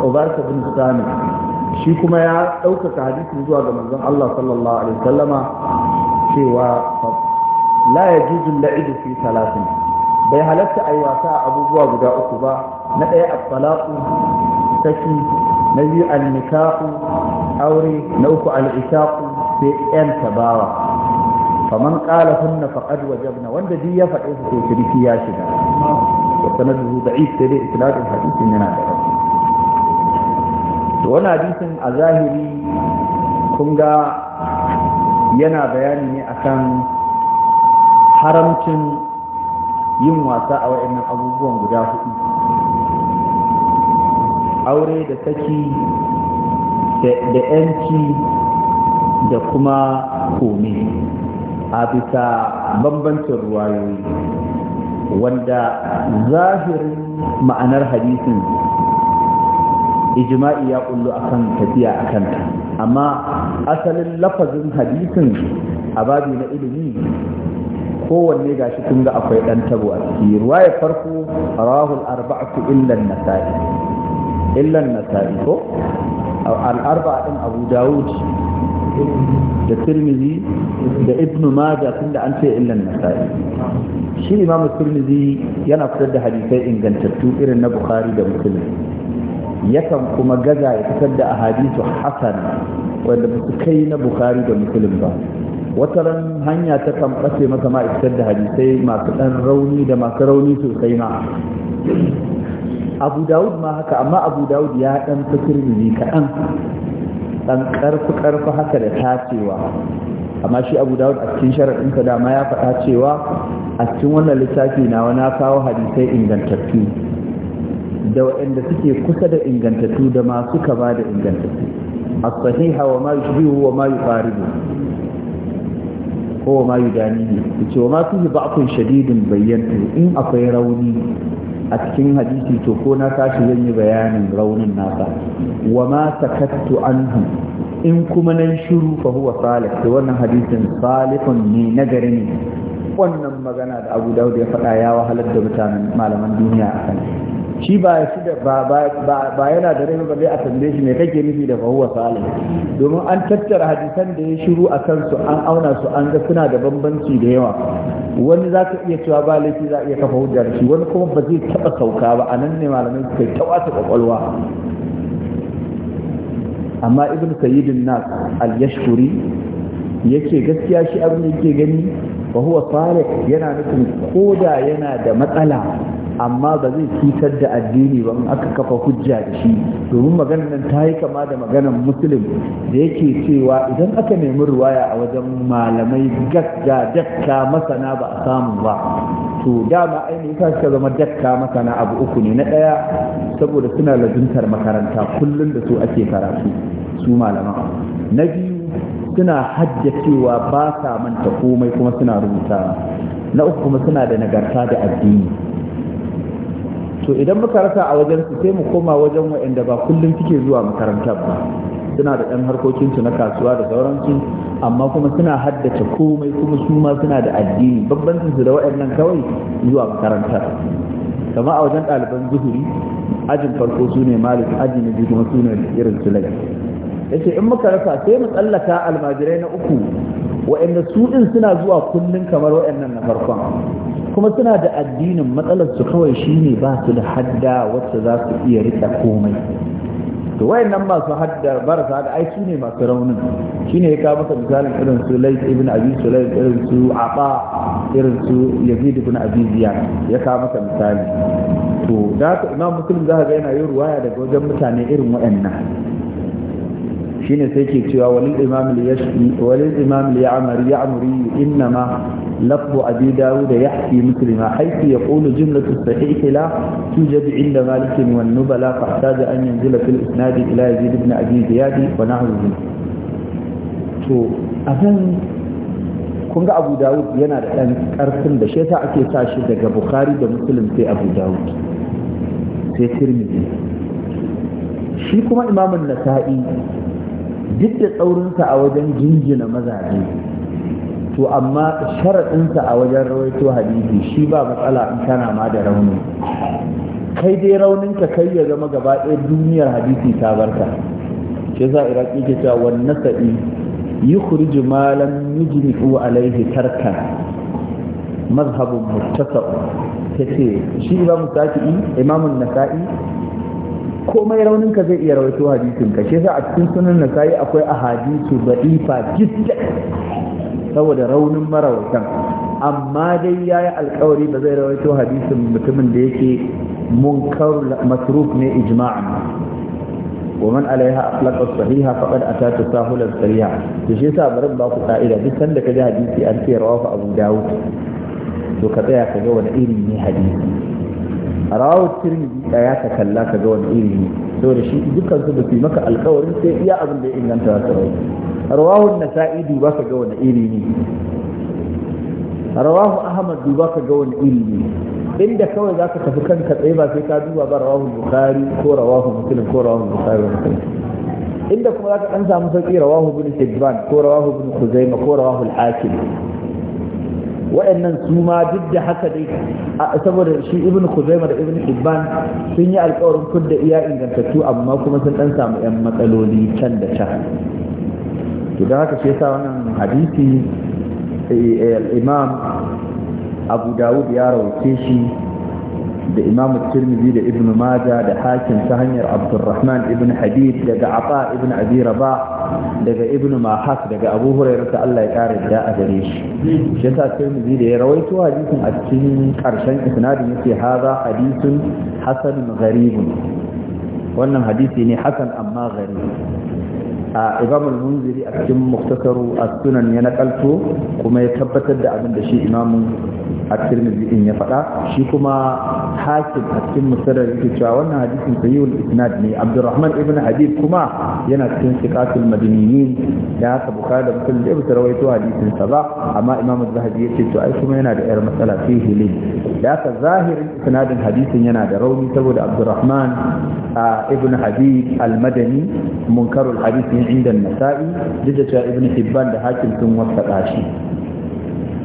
أبارك بن السامي shi kuma ya ɗaukaka hadisin zuwa ga manzon Allah sallallahu alaihi wasallama cewa la yajuzu al-la'idu fi salatin bai halatta ayi wasa abubuwa guda uku ba na ɗaya at-talaqu saki na biyu al-nikahu aure na uku al-ishaqu sai yan tabawa faman qala hunna faqad wajabna wanda duk ya faɗe su sai shirki ya shiga wa sanaduhu da'if sai dai isnadin hadisin yana da to wannan hadisin a zahiri kun ga yana bayani ne akan haramcin yin wasa a wa'annan abubuwan guda hudu aure da saki da yanci da kuma komi a bisa bambancin ruwayoyi wanda zahirin ma'anar hadisin ijma'i ya kullu akan tafiya a kanta amma asalin lafazin hadisin a babi na ilimi kowanne gashi shi ga akwai dan tabo a ciki ya farko rahul arba'atu illa nasa'i illan nasa'i ko al'arba ɗin abu dawud da tirmizi da ibnu maja da an ce illan nasa'i shi imamu tirmizi yana fitar da hadisai ingantattu irin na bukhari da Musulmi? yakan kuma gaza ya fitar da ahadisu hasan wanda ba su kai na bukhari da Musulmi ba wata ran hanya ta kan ɓace masa ma fitar da hadisai masu ɗan rauni da masu rauni sosai ma abu dawud ma haka amma abu dawud ya dan fikir ne kaɗan dan karfi karfi haka da tacewa amma shi abu dawud a cikin sharaɗinsa dama ya faɗa cewa a cikin wannan littafi na na kawo hadisai ingantattu da waɗanda suke kusa da ingantattu da ma suka ba da ingantattu as-sahiha wa ma yushbihu wa ma yuqaribu ko wa ma ne. yace wa ma fihi ba'kun shadidun bayyantu in akwai rauni a cikin hadisi to ko na tashi zan yi bayanin raunin nasa wa ma sakattu anhu in kuma nan shiru fa huwa salih to wannan hadisin salihun ne nagari ne wannan magana da Abu Dawud ya faɗa ya wahalar da mutanen malaman duniya akan shi ba shi da ba yana da rai ba zai a tambaye shi me kake nufi da fahuwa salih domin an tattara hadisan da ya shiru a kansu an auna su an ga suna da bambanci da yawa wani za ka iya cewa ba laifi za a iya kafa hujjar shi wani kuma ba zai taɓa sauka ba a nan ne malamai suka yi ta wata kwakwalwa amma ibn sayyidin nas al-yashkuri yake gaskiya shi abin da yake gani wa huwa salih yana nufin koda yana da matsala amma ba zai cutar da addini ba in aka kafa hujja da shi domin maganar nan ta yi kama da maganar musulun da yake cewa idan aka nemi ruwaya a wajen malamai gaska dakka masana ba a samu ba to dama ainihin ta suka zama dakka masana abu uku ne na ɗaya saboda suna lajuntar makaranta kullum da su ake karatu su malama. na biyu suna cewa ba sa manta komai kuma suna rubuta na uku kuma suna da nagarta da addini to idan muka rasa a wajen su sai mu koma wajen waɗanda ba kullum suke zuwa makarantar ba suna da ɗan harkokinsu na kasuwa da sauransu amma kuma suna haddace komai kuma su ma suna da addini babbancin su da waɗannan kawai zuwa makarantar kamar a wajen ɗaliban zuhuri ajin farko su ne malik aji na biyu kuma su ne irin su lai yace in muka rasa sai mu tsallaka almajirai na uku waɗanda su ɗin suna zuwa kullum kamar waɗannan na farkon kuma suna da addinin matsalar su kawai shine ba su da hadda wacce za su iya rika komai to ba masu hadda su da ai ne masu raunin shine ya kawo masa misalin irin su Layth ibn Abi Sulaym irin su Aba irin su Yazid ibn Abi Ziyad ya kawo masa misali to da haka Imam Muslim za ga yana yin ruwaya daga wajen mutane irin wayannan shine sai ke cewa walil imam liyashi walil imam liya'mari ya'muri inna ma لفظ أبي داود يحكي مثل ما حيث يقول جملة الصحيح لا توجد عند مالك والنبلاء فاحتاج أن ينزل في الإسناد إلى يزيد بن أبي زياد ونحوه to abin kun ga abu dawud yana da ɗan ƙarfin da shi ake sa shi daga bukhari da musulun sai abu dawud sai tirmidhi shi kuma imamun nasa'i duk da tsaurinsa a wajen jingina mazaje to amma sharaɗinsa a wajen rawaito hadisi shi ba matsala in kana ma da rauni kai dai rauninka kai ya zama gaba ɗaya duniyar hadisi ta barka shi za iraki ke cewa wan nasa'i yukhrij ma lam yujni'u alayhi tarka mazhabun muttasa'u ce. shi ba mu saki'i imamun nasa'i komai rauninka zai iya rawaito hadisin ka shi yasa a cikin sunan nasa'i akwai ahadisu ba'ifa jiddan saboda raunin marawaitan amma dai ya yi alkawari ba zai rawaito hadisin mutumin da yake munkar masruf ne ijma'an ومن عليها اطلق الصحيحه فقد اتى تساهلا صريحا to shi yasa bari ba ku ka'ida duk sanda ka ji hadisi an ce rawahu abu dawud to ka tsaya ka ga wani iri ne hadisi rawahu tirmidhi tsaya ka kalla ka ga wani iri ne maka alƙawarin sai iya abin da ya inganta rawahu nasa'i duba ka ga wani iri ka inda kawai zaka tafi kanka tsaye ba sai ka duba ba rawahu bukhari ko rawahu muslim ko rawahu bukhari inda kuma zaka dan samu sauki rawahu ibn hibban ko rawahu ibn khuzaimah ko rawahu al-hakim wa'annan duk da haka dai saboda shi ibn kuzaima da ibn hibban sun yi alkawarin kudda iya ingantattu amma kuma sun dan samu yan matsaloli can da can to haka shi yasa wannan hadisi eh, eh, imam abu dawud ya rawace shi da imam tirmidhi da ibn majah da hakim ta hanyar abdurrahman ibn hadid daga ata ibn abi rabah daga ibn mahas daga abu hurairah ta Allah ya kare da a gare shi shi yasa tirmidhi da ya rawaito hadisin a cikin karshen isnadin yake haza hadisin hasan gharib wannan hadisi ne hasan amma gari. a imam al-munziri a cikin muktasaru a sunan ya nakalto kuma ya tabbatar da abin da shi imam at-tirmidhi ya faɗa shi kuma hakim a cikin musnadar yake cewa wannan hadisin sahihul isnad ne abdurrahman ibn habib kuma yana cikin siqatul madaniyin da haka bukari da muslim da bisa rawaito hadisin sa ba amma imam az-zahabi ce to ai kuma yana da yar matsala fi hilil da haka zahirin isnadin hadisin yana da rauni saboda abdurrahman ibn habib al-madani munkarul hadisi ne inda nasa'i duk da cewa ibn hibban da hakim sun wasa shi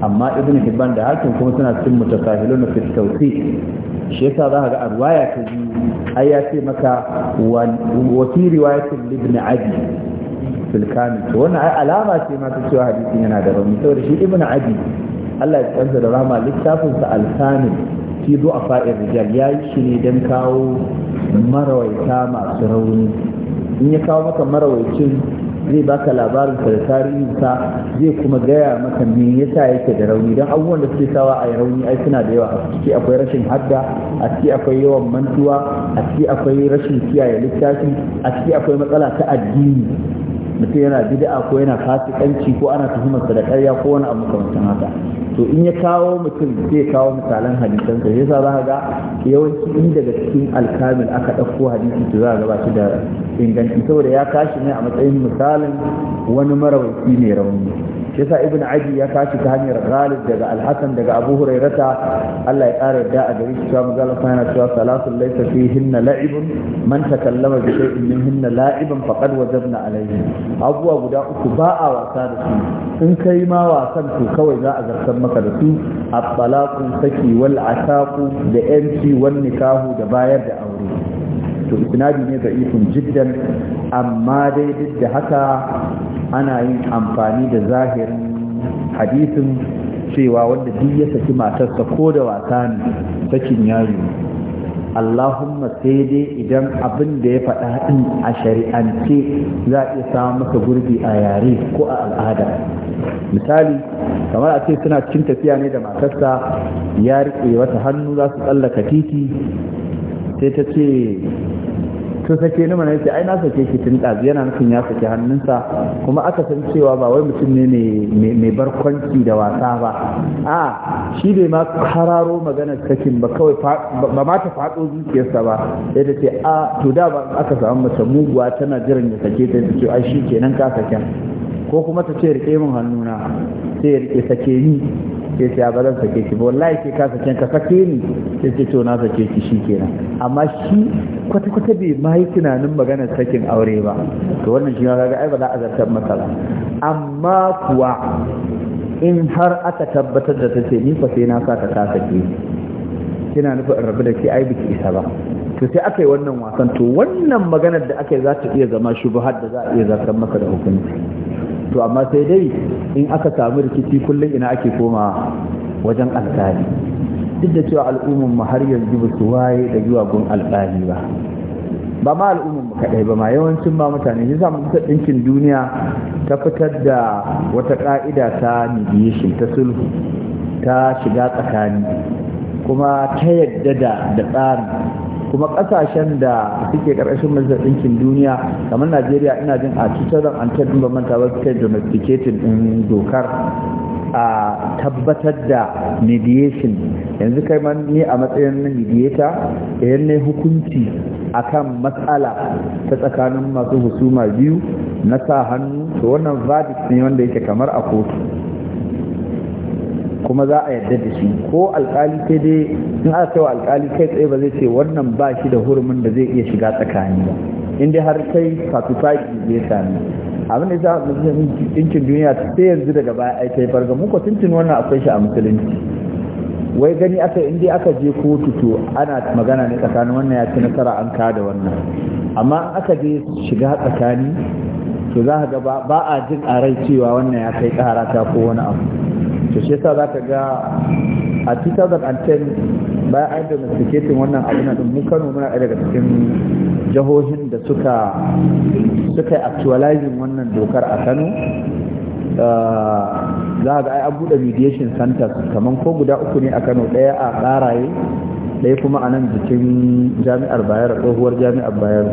amma ibnu hibban da hakim kuma suna cikin mutasahilun fi tawfiq shi yasa za ka ga arwaya ta ji ai ya ce maka wa fi riwayat ibn abi fil kamil to wannan ai alama ce ma ta cewa hadisin yana da rauni saboda shi ibn abi Allah ya tsanta da rama littafin sa al-kamil fi du'afa ar-rijal yayi shi ne dan kawo marawaita masu rauni in ya kawo maka waicin zai baka labarin da tarihinsa zai kuma gaya maka me yasa yake da rauni don abubuwan da suke sawa a rauni ai suna da yawa a ciki akwai rashin hadda a ciki akwai yawan mantuwa a ciki akwai rashin kiyaye littafi a ciki akwai matsala ta addini mutum yana bid'a ko yana fasikanci ko ana tuhumar sa da ƙarya ko wani abu kamar haka to in ya kawo mutum zai kawo misalan hadisan sa yasa za ga yawanci in daga cikin alkamil aka ɗauko hadisi to za ga ba shi da inganci saboda ya kashi ne a matsayin misalin wani marawaci mai rauni shi yasa ibn adi ya kashi ta hanyar ghalib daga alhassan daga abu hurairata Allah ya ƙara yadda a gari cewa maza Allah yana cewa salatun hinna fihinna la'ibun man takallama bi shay'in hinna la'iban faqad wajabna alayhi abubuwa guda uku ba a wasa da su in kai ma wasan to kawai za a zartar maka da su at-talaqu saki wal ataqu da yanci wan nikahu da bayar da aure to isnadi ne da ifin jiddan amma dai duk da haka ana yin amfani da zahirin hadisin cewa wanda duk ya saki matarsa ko da wasa ne sakin yaro Allahumma sai dai idan abin da ya faɗa ɗin a shari'ance za a iya samun masa gurbi a yare ko a al'ada. Misali, kamar a ce suna cikin tafiya ne da matarsa ya riƙe wata hannu za su tsallaka titi sai ta ce sun sake ni mana yace ai na sake shi tun ɗazu yana nufin ya sake hannunsa kuma aka san cewa ba wai mutum ne mai barkwanci da wasa ba a shi bai ma kararo magana sakin ba kawai ba ma ta faɗo zuciyarsa ba sai da ce a to da ba aka samu mace muguwa tana jiran ya sake ta ce ai shi kenan ka saken ko kuma ta ce rike min hannuna sai ya rike sake ni sai ce ba zan sake shi? ba wallahi ke ka saken ka sake ni sai ce to na sake shi kenan amma shi kwata-kwata bai ma yi tunanin maganar sakin aure ba to wannan shi ga ai ba za a zartar masa ba amma kuwa in har aka tabbatar da ta ce ni fa sai na sa ta kasake kina nufin in rabu da ke ai biki isa ba to sai aka yi wannan wasan to wannan maganar da aka yi za ta iya zama har da za a iya zartar maka da hukunci to amma sai dai in aka samu rikici kullum ina ake komawa wajen alkali duk da cewa al'umman mu har yanzu ba su waye da zuwa gun ba ba ma al'umman mu kaɗai ba ma yawancin ba mutane shi sa mutum ɗinkin duniya ta fitar da wata ƙa'ida ta mediation ta sulhu ta shiga tsakani kuma ta yadda da da tsari kuma ƙasashen da suke ƙarƙashin majalisar ɗinkin duniya kamar najeriya ina jin a 2010 ba manta ba suka domesticating ɗin dokar a tabbatar da mediation yanzu kai man ni a matsayin na mediator yayin ne hukunci akan matsala ta tsakanin masu husuma biyu na sa hannu to wannan verdict ne wanda yake kamar a kotu kuma za a yadda da shi ko alkali sai dai in aka kai alkali kai tsaye ba zai ce wannan ba shi da hurumin da zai iya shiga tsakani ba in dai har kai fatufaji zai sami abin da ya sa ɗinkin duniya sai yanzu daga baya ai ta yi farga mu ko tuntun wannan akwai shi a musulunci wai gani aka in dai aka je kotu to ana magana ne tsakanin wannan ya ci nasara an da wannan amma aka je shiga tsakani to za ka ga ba a jin a rai cewa wannan ya kai ta ko wani abu to shi yasa za ka ga a 2010 bayan an domesticating wannan abu na ɗin mun kano muna ɗaya daga cikin jihohin da suka suka yi actualizing wannan dokar a kano eh, za ga ai an buɗe mediation centers kamar ko guda uku ne a kano ɗaya a karaye ɗaya kuma a nan jikin jami'ar bayar tsohuwar jami'ar bayar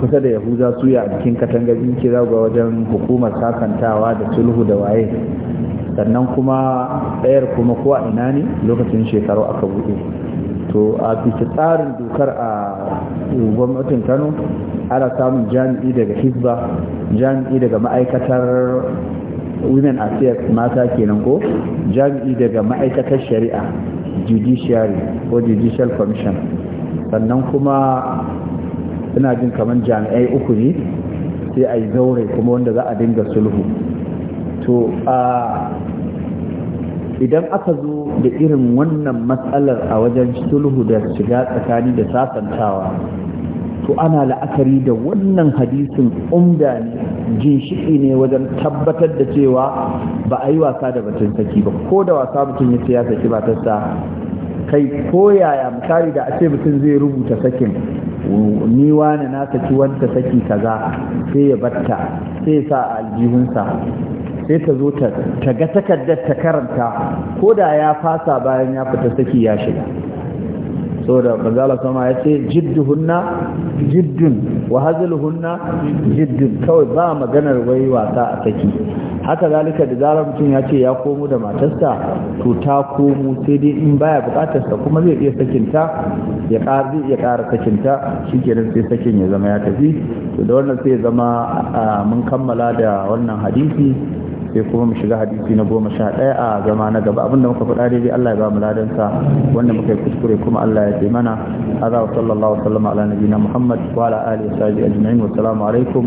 kusa da yahuza suya a jikin katanga ke za ga wajen hukumar sakantawa da sulhu da waye sannan kuma ɗayar kuma ko a ina ne lokacin shekaru aka buɗe to a bisa tsarin dokar a gwamnatin kano ana samun jami'i daga Hizba, jami'i daga ma'aikatar women affairs mata kenan ko jami'i daga ma'aikatar shari'a judiciary ko judicial commission sannan kuma ina jin kamar jami'ai uku ne sai a yi zaure kuma wanda za a dinga sulhu to a idan aka zo da irin wannan matsalar a wajen sulhu da shiga tsakani da sasantawa to ana la'akari da wannan hadisin umda ne ginshiki ne wajen tabbatar da cewa ba a yi wasa da batun saki ba ko da wasa mutum ya siya ya saki ba tassa kai ko yaya misali da a ce mutum zai rubuta sakin ni wani na saki wanta saki kaza sai ya batta sai ya sa a aljihunsa sai ta zo ta ga takardar ta karanta ko da ya fasa bayan ya fita saki ya shiga So da manzala sama ya ce jidduhunna jiddun wa hazluhunna jiddun kawai ba maganar wai wasa a saki haka zalika da zarar mutum ya ce ya komo da matarsa to ta komo sai dai in baya bukatar sa kuma zai iya sakinta ya ƙara ya ƙara sakinta shikenan sai sakin ya zama ya tafi to da wannan sai zama mun kammala da wannan hadisi sai kuma mu shiga hadisi na goma sha ɗaya a zama na gaba abinda muka faɗa daidai Allah ya ba mu sa wanda muka yi kuskure kuma Allah ya taimana hada wa sallallahu alaihi wa sallam ala nabiyina Muhammad wa ala alihi wa sahbihi ajma'in wa assalamu alaikum